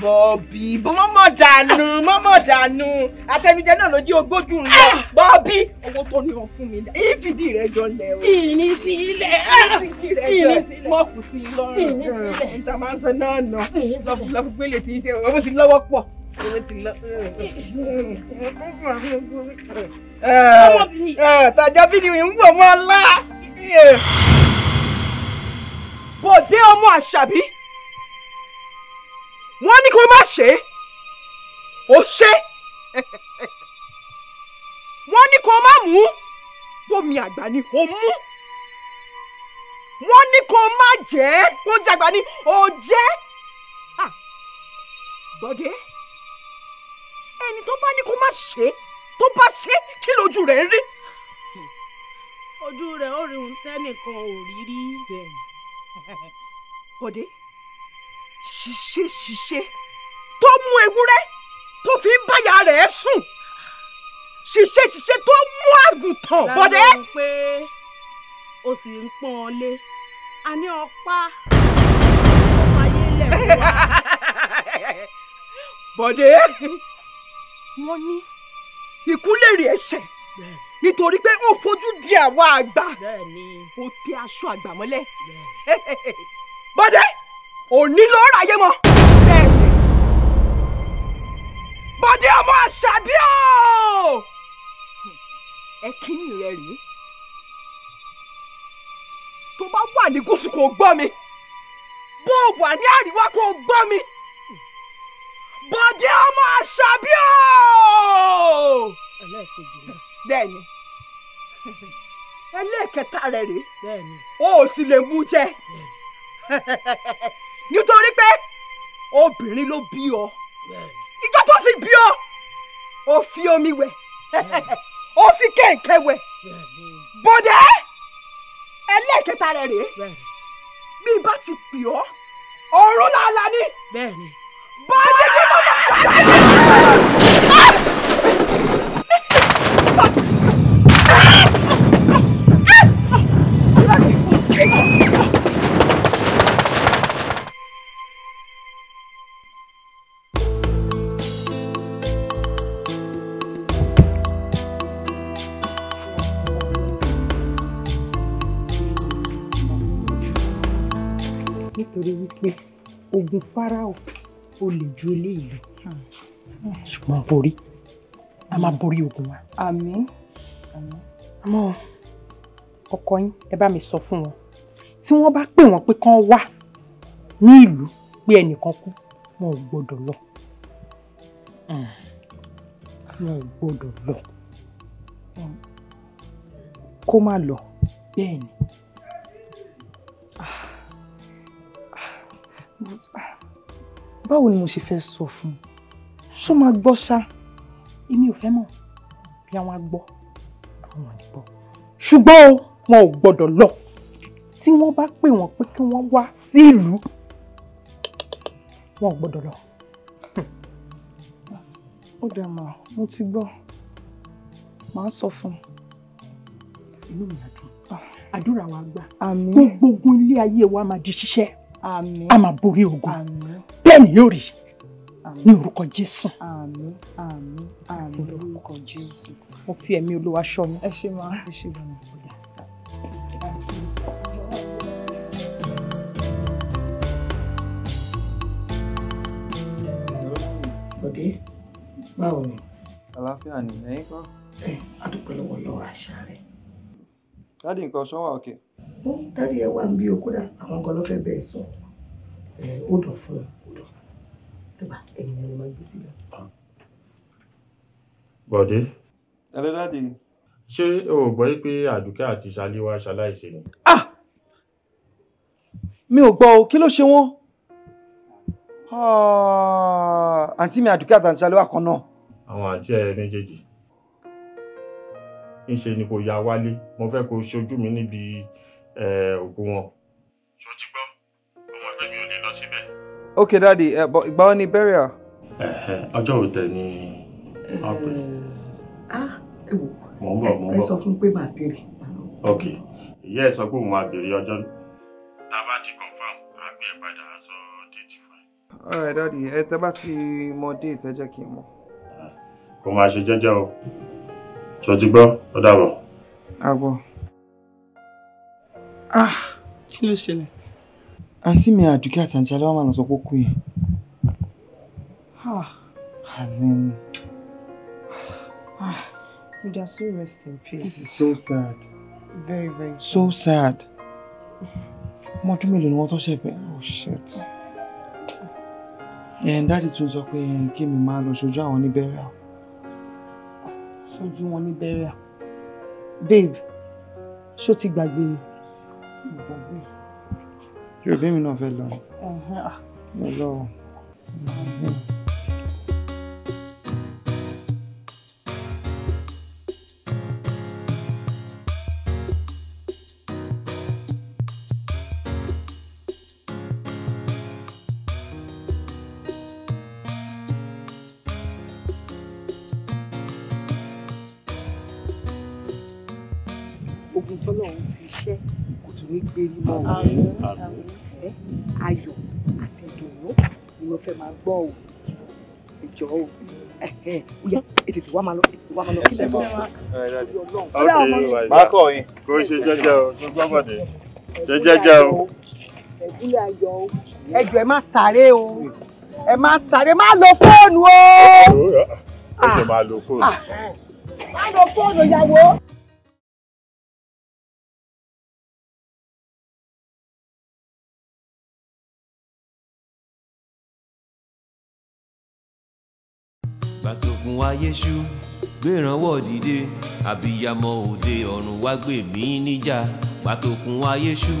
bọ́ọ̀bì mọ́mọ́ dànù mọ́mọ́ dànù àtẹnujẹ náà ló jí ogójú ń lọ ah! bọ́ọ̀bì owó tó ní wọn fún mi ìfìdí rẹ jọ lẹ o. ìní sí ilẹ̀ ìní mọ́ọ̀kù sí lọ́rùn ìní sílẹ̀ hmm. ìtàmánsá náà nà lọ́fùlọ́fù gbélé tí í ṣe owó ti lọ́wọ́ pọ̀ owó ti lọ. tàjà bí ni ń wọ̀ mọ́ ọlá. bòdé ọmọ àṣàbí wọ́n ní kí wọ́n má ṣe é ó ṣe wọ́n ní kí wọ́n má mú bómi àgbà ni ó mú wọ́n ní kó má jẹ́ kó jàgbá ní ó jẹ́ Bọ́dé ẹni tó bá ní kó má ṣe tó bá ṣe kí lójú rẹ̀ ń rí. ojú rẹ̀ ó rí ohun tẹ́nìkan ò rí rí. Bọ́dé ṣiṣẹ́ tó mú ewúrẹ́ tó fi ń báyà rẹ̀ sùn ṣiṣẹ́ tó mú àgùntàn bọ́dẹ́. lára ń pé o sì ń pọ́n ọ lé a ọ̀pá ọ̀pá ayé lẹ̀ fún bọ́dẹ́ wọ́n ní ikú lè rí ẹ̀ṣẹ̀ nítorí pé ó fojú di àwa àgbà ó tẹ aṣọ àgbà bọ́dẹ́ òní ló ráyé mọ́. bọ́dé ọmọ àṣàbí ẹ kíni rẹ rèé tó bá wà ní gúúsù kò gbọ́ mi bó wà ní àríwá kò gbọ́ mi bọ́dé ọmọ àṣàbí bẹ́ẹ̀ni ẹlẹ́ẹ̀kẹta rẹ̀ rèé o ò sì lè mú jẹ. nítorí pé obìnrin ló bí ọ ìjọ tó sì bí ọ ó fi omi wẹ̀ ó fi kẹ̀kẹ́ wẹ̀ bọ́dẹ́ ẹlẹ́ẹ̀kẹta rẹ̀ rèé bí bá ti pè ọ́ ọ̀run làálàá ni bọ́dẹ́ kí bá wà. gbogbo Fáráò o lè ju eléyìí lọ hmm. ṣùgbọ́n borí a máa borí ogun wa. àmín. àmọ́ ọkọ yín ẹ bá mi sọ fún wọn tí wọ́n bá pè wọ́n pé kán wá ní ìlú pé ẹnìkan kú wọn ò gbọ́dọ̀ lọ hmm. wọn ò gbọ́dọ̀ lọ hmm. kó má lọ bẹ́ẹ̀ ni. báwo ni mo ṣe fẹ́ sọ fún un ṣó máa gbọ́ ṣá èmi ò fẹ́ mọ̀ bí àwọn agbọ́ àwọn ò ní gbọ́ ṣùgbọ́n o wọn ò gbọ́dọ̀ lọ tí wọ́n bá pè wọ́n pé kí wọ́n wá sí ìlú wọn ò gbọ́dọ̀ lọ. ó dà mà mo ti gbọ́ màá sọ fún un inú mi àdùn ah. àdúrà wa gbà gbogbo ogun ilé ayé wa máa di ṣiṣẹ́ a máa borí ogun bẹ́ẹ̀ ni yóò rí ní orúkọ jésù. àmín àmín àmín orúkọ jésù mo fi ẹ̀mí olúwa ṣọ́ mi. ẹ ṣe máa ẹ ṣe máa. ọdẹ báwo ni. àlàáfíà ni ẹ̀yin kan. ẹ adúpẹ́ lọ́wọ́ lọ́wọ́ àṣà rẹ̀. dádì nǹkan sọ́wọ́ òkè. ó dádì ẹ wà ń bí okúdà àwọn kan ló fẹ́ bẹ́ẹ̀ sọ ó dọ̀ fún un ẹ̀yìn ni mo máa gbé síbẹ̀. bọ̀dé. ẹ̀rọ dáàdì. ṣé o ò gbọ́ pé àdùkẹ́ àti ṣaléwá ṣaláìsí ni. ah mi ò gbọ́ o kí ló ṣe wọ́n ah! àǹtí mi àdùkẹ́ àti ṣaléwá kan náà. àwọn àǹtí ẹ méjèèjì ńṣe ni kò ya wálé mo fẹ́ kó ṣojú mi níbi òkú wọn. ṣó ti gbọ́ ọmọ ẹgbẹ́ mi ò lè lọ síbẹ̀. Okay daddy ẹ eh, bọ ìgbà wo ni burial. ọjọ́ wo tẹ ni eh, outbreak. ah ẹ wò mò ń bọ̀ mò ń bọ̀ ẹ sọ fún pé màá béèrè. ok ìyá ẹ sọ pé òun á béèrè ọjọ́ tá a bá ti confam á gbé ẹ padà sọ déètì fún ẹ. alright daddy ẹ tẹ bá ti mọ déètì ẹ jẹ́ kí n mọ̀. kò máa ṣe jẹ́jẹ́ o tó ti gbọ́ ó dàbọ̀. àbọ̀ ah kí ló ṣẹlẹ̀ àǹtí mi àdùkẹ́ àti àǹtí aláwọ̀ máa lọ sọ pé ó kú yẹn azin ah, would ah, you so rest in peace this is so sad very very sad. so sad ọmọ ọdún mélòó ni wọ́n tó ṣe bẹ́ẹ̀ oh shit dáàdì tún sọ pé eh, kí mi máa lọ ṣojú àwọn oníbẹ̀rẹ̀ àwọn ṣojú wọn ní bẹ́rẹ̀ babe ṣó ti gbàgbé gbàgbé Deixa eu ver meu novelão. Uhum. Melhor. Uhum. ogun tọ́lọ̀ ń fi iṣẹ́ kò tún ní gbé ní mọ́ ọ̀rẹ́ fẹ́ máa gbọ́ o ìjọ o oya ètètè wá máa lọ ètètè wá máa lọ kílẹ̀ mọ́ ọ̀rẹ́ ọmọ mi. máa kọ̀ kò ṣe jẹ́jẹ́ o tó gbọ́ ṣe jẹ́jẹ́ o. ẹ̀gúnlẹ̀ ayọ̀ o ẹjọ́ ẹ má sáré o ẹ má sáré má lo fóònù o. ẹ máa lo fóònù. má lo fóònù ah, yàwó. wáyé ṣú gbéranwọ́ dìde àbíyamọ òde ọ̀run wá gbè mí níjà pàtòkùn wáyé ṣú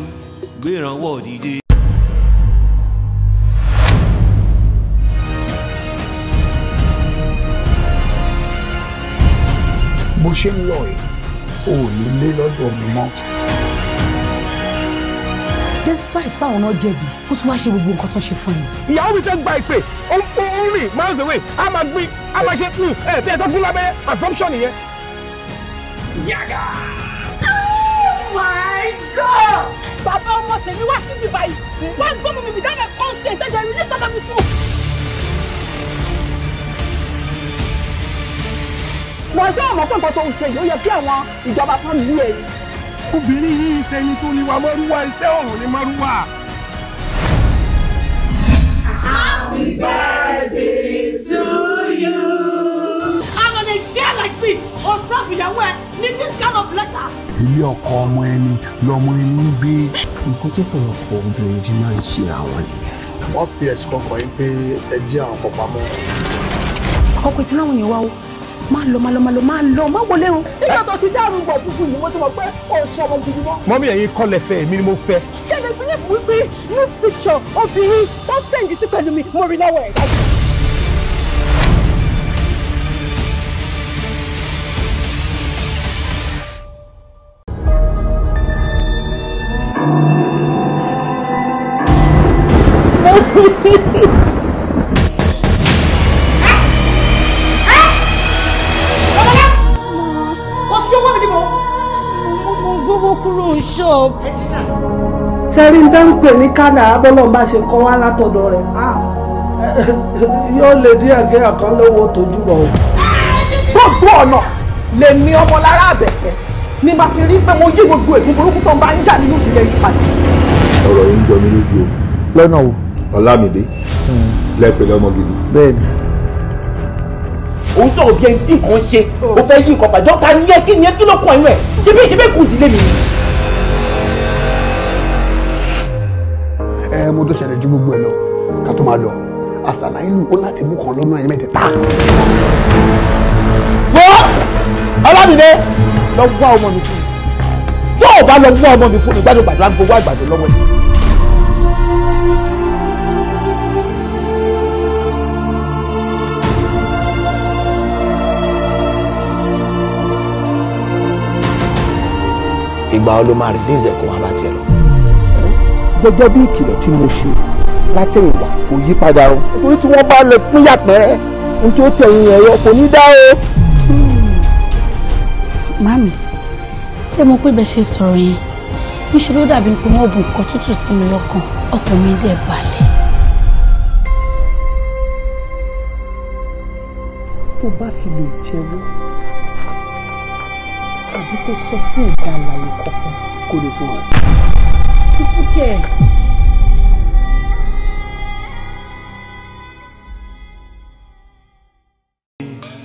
gbéranwọ́ dìde. bó ṣe ń lọ yìí ò ní lé lọ́dọ̀ mi mọ́ despite báwọn náà jẹ̀bi ó tún wá ṣe gbogbo nǹkan tó ṣe fún yín. ìyàwó mi fẹ́ gba ìpè ó ń pọ́n ń rìn miles away a máa gbin a máa ṣe hmm, ẹ bí ẹ tó fún lábẹ́rẹ́ assumption nìyẹn. yàgà. oh my god. bàbá ọmọ tèmi wá síbi báyìí wá gbọ́mọ mi without my consent ẹ̀jẹ̀ mi ní sábà mi fún. wọ́n ṣé ọmọ pé nǹkan tó ń ṣe yìí ó yẹ kí àwọn ìjọba fún lé e obìnrin yìí iṣẹ́ ẹni tó ní wa mọ́rúwá iṣẹ́ ọ̀run ní mọ́rúwá. Happy birthday to you. And on a day like this, o serve ìyàwó ẹ ní this kind of letter. Ilé ọkọ ọmọ ẹni lọmọ ẹni ń gbé. Nǹkan tó pọ̀lọpọ̀ obìnrin jí máa ń ṣe àwọn nìyẹn. Wọ́n fi ẹ̀sùn ọkọ̀ yìí pé ẹ jẹ́ àwọn ọkọ̀ pamọ́. Ọkọ̀ ìtàn àwọn èèyàn wá o má lọ má lọ má lọ má lọ má wọlé o. nígbà tó ti dá àrùngbọ̀ funfun yìí mo ti mọ̀ pé o ò ṣọmọ gidi mọ́. mọ́mí ẹ̀yin kọ́lẹ̀ fẹ́ èmi ni mo fẹ́. ṣẹlẹ̀ ìpínlẹ̀ wípé new picture obìnrin wọ́n sẹ́ǹdì sí pẹ̀lú mi mo rí lọ́wọ́ ẹ̀ ṣe rí nǹkan pè ní kádà abọ́lọ́ bá ṣe kọ́ wá látọ̀dọ̀ rẹ̀ ah, yóò lè díẹ̀ kí ọ̀kan lówó tójú bọ̀ o. gbogbo ọ̀nà lèmi ọmọlára àbẹ̀fẹ̀ ni màá fi rí pé mo yí gbogbo ègún burúkú tó ń bá ń jà nínú ìdílé yìí ọ̀rọ̀ yìí ń jọ mí lójú o. lọ́nà wo. ọ̀làmídé hmm. lẹ́pẹ̀ lọ́mọ gidi. bẹ́ẹ̀ni. òun sọ̀rọ̀ bí ẹni tí nǹkan ṣe ó fẹ́ yí nǹkan pàjọ́ ta ni ẹ kí ni ẹ kí ló kún mọ tó ṣẹlẹ̀ ju gbogbo ẹ̀ lọ ká tó máa lọ àṣàlà ìlú ó láti mú kan lọ́nà ẹ̀mẹ́tẹ̀ ta. wọ́n alábìdé lọ wá ọmọ mi fún mi tó o bá lọ wá ọmọ mi fún mi gbádùn gbàdúrà ń gbowó àgbàdo lọ́wọ́ yìí. ìgbà wo ló máa release ẹ̀kọ́ wa bá tiẹ̀ lọ gẹ́gẹ́ bí ìkìlọ̀ tí mo ṣe látẹ̀yìnwá kò yí padà o nítorí tí wọ́n bá lè pín yàpẹ́ n tó tẹ̀yìn ẹ̀rọ kò ní dá o. mami ṣé mo pé bẹ́ẹ̀ ṣe sọ̀rọ̀ yẹn níṣẹ́ ló dàbí pé wọ́n bu nǹkan tútù sí mi lọ́kàn ọkàn mi dẹ̀ balẹ̀. tó bá fi lè jẹ́wọ́ àbí kó sọ fún ìdálàyé kankan kó lè fún wa weekend.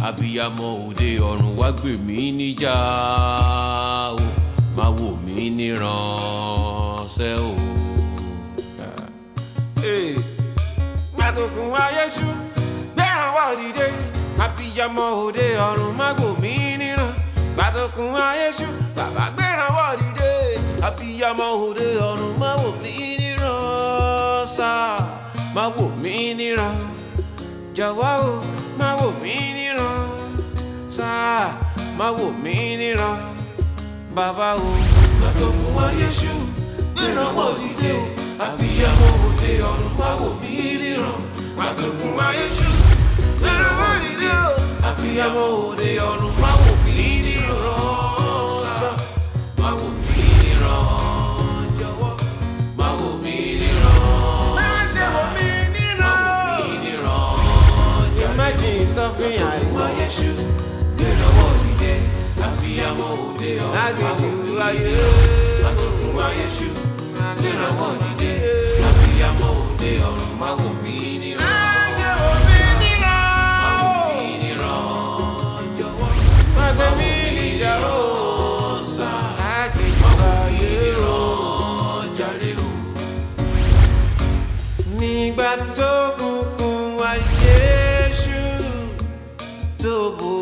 àbíyamọ òde ọ̀run wá gbè mí níjà o máa wò mí níranṣẹ́ o. gbàdùnkùn ayé ṣú gbẹ́ràn wá òdìdé àbíyamọ òde ọ̀run má gbò mí níran gbàdùnkùn ayé ṣú bàbá gbẹ́ràn wá òdìdé abiyamọ òde ọ̀run má wò mí níran sá má wò mí níran jọ̀wọ́ o má wò mí níran sá má wò mí níran bàbá o. lọ́tọ̀ mú wáyé ṣú níran wọ́n abiyamọ òde ọ̀run má wò mí níran lọ́tọ̀ mú wáyé ṣú níran wọ́n abiyamọ òde ọ̀run má wò mí níran. sọ́fìn àìmọ̀. Yéṣu gbé lọ́wọ́ òdìdé, àbíyáwó òde ọ̀hún. Lágbèjì wáyé. Àtòkùn wa Yéṣu gbé lọ́wọ́ òdìdé, àbíyáwó òde ọ̀run má wò mí nírọ̀. Májẹ̀ wò mí nírọ̀. Má wò mí nírọ̀. Jọ̀wọ́ má gbé mi níjà o. Nígbà tó kù. tubo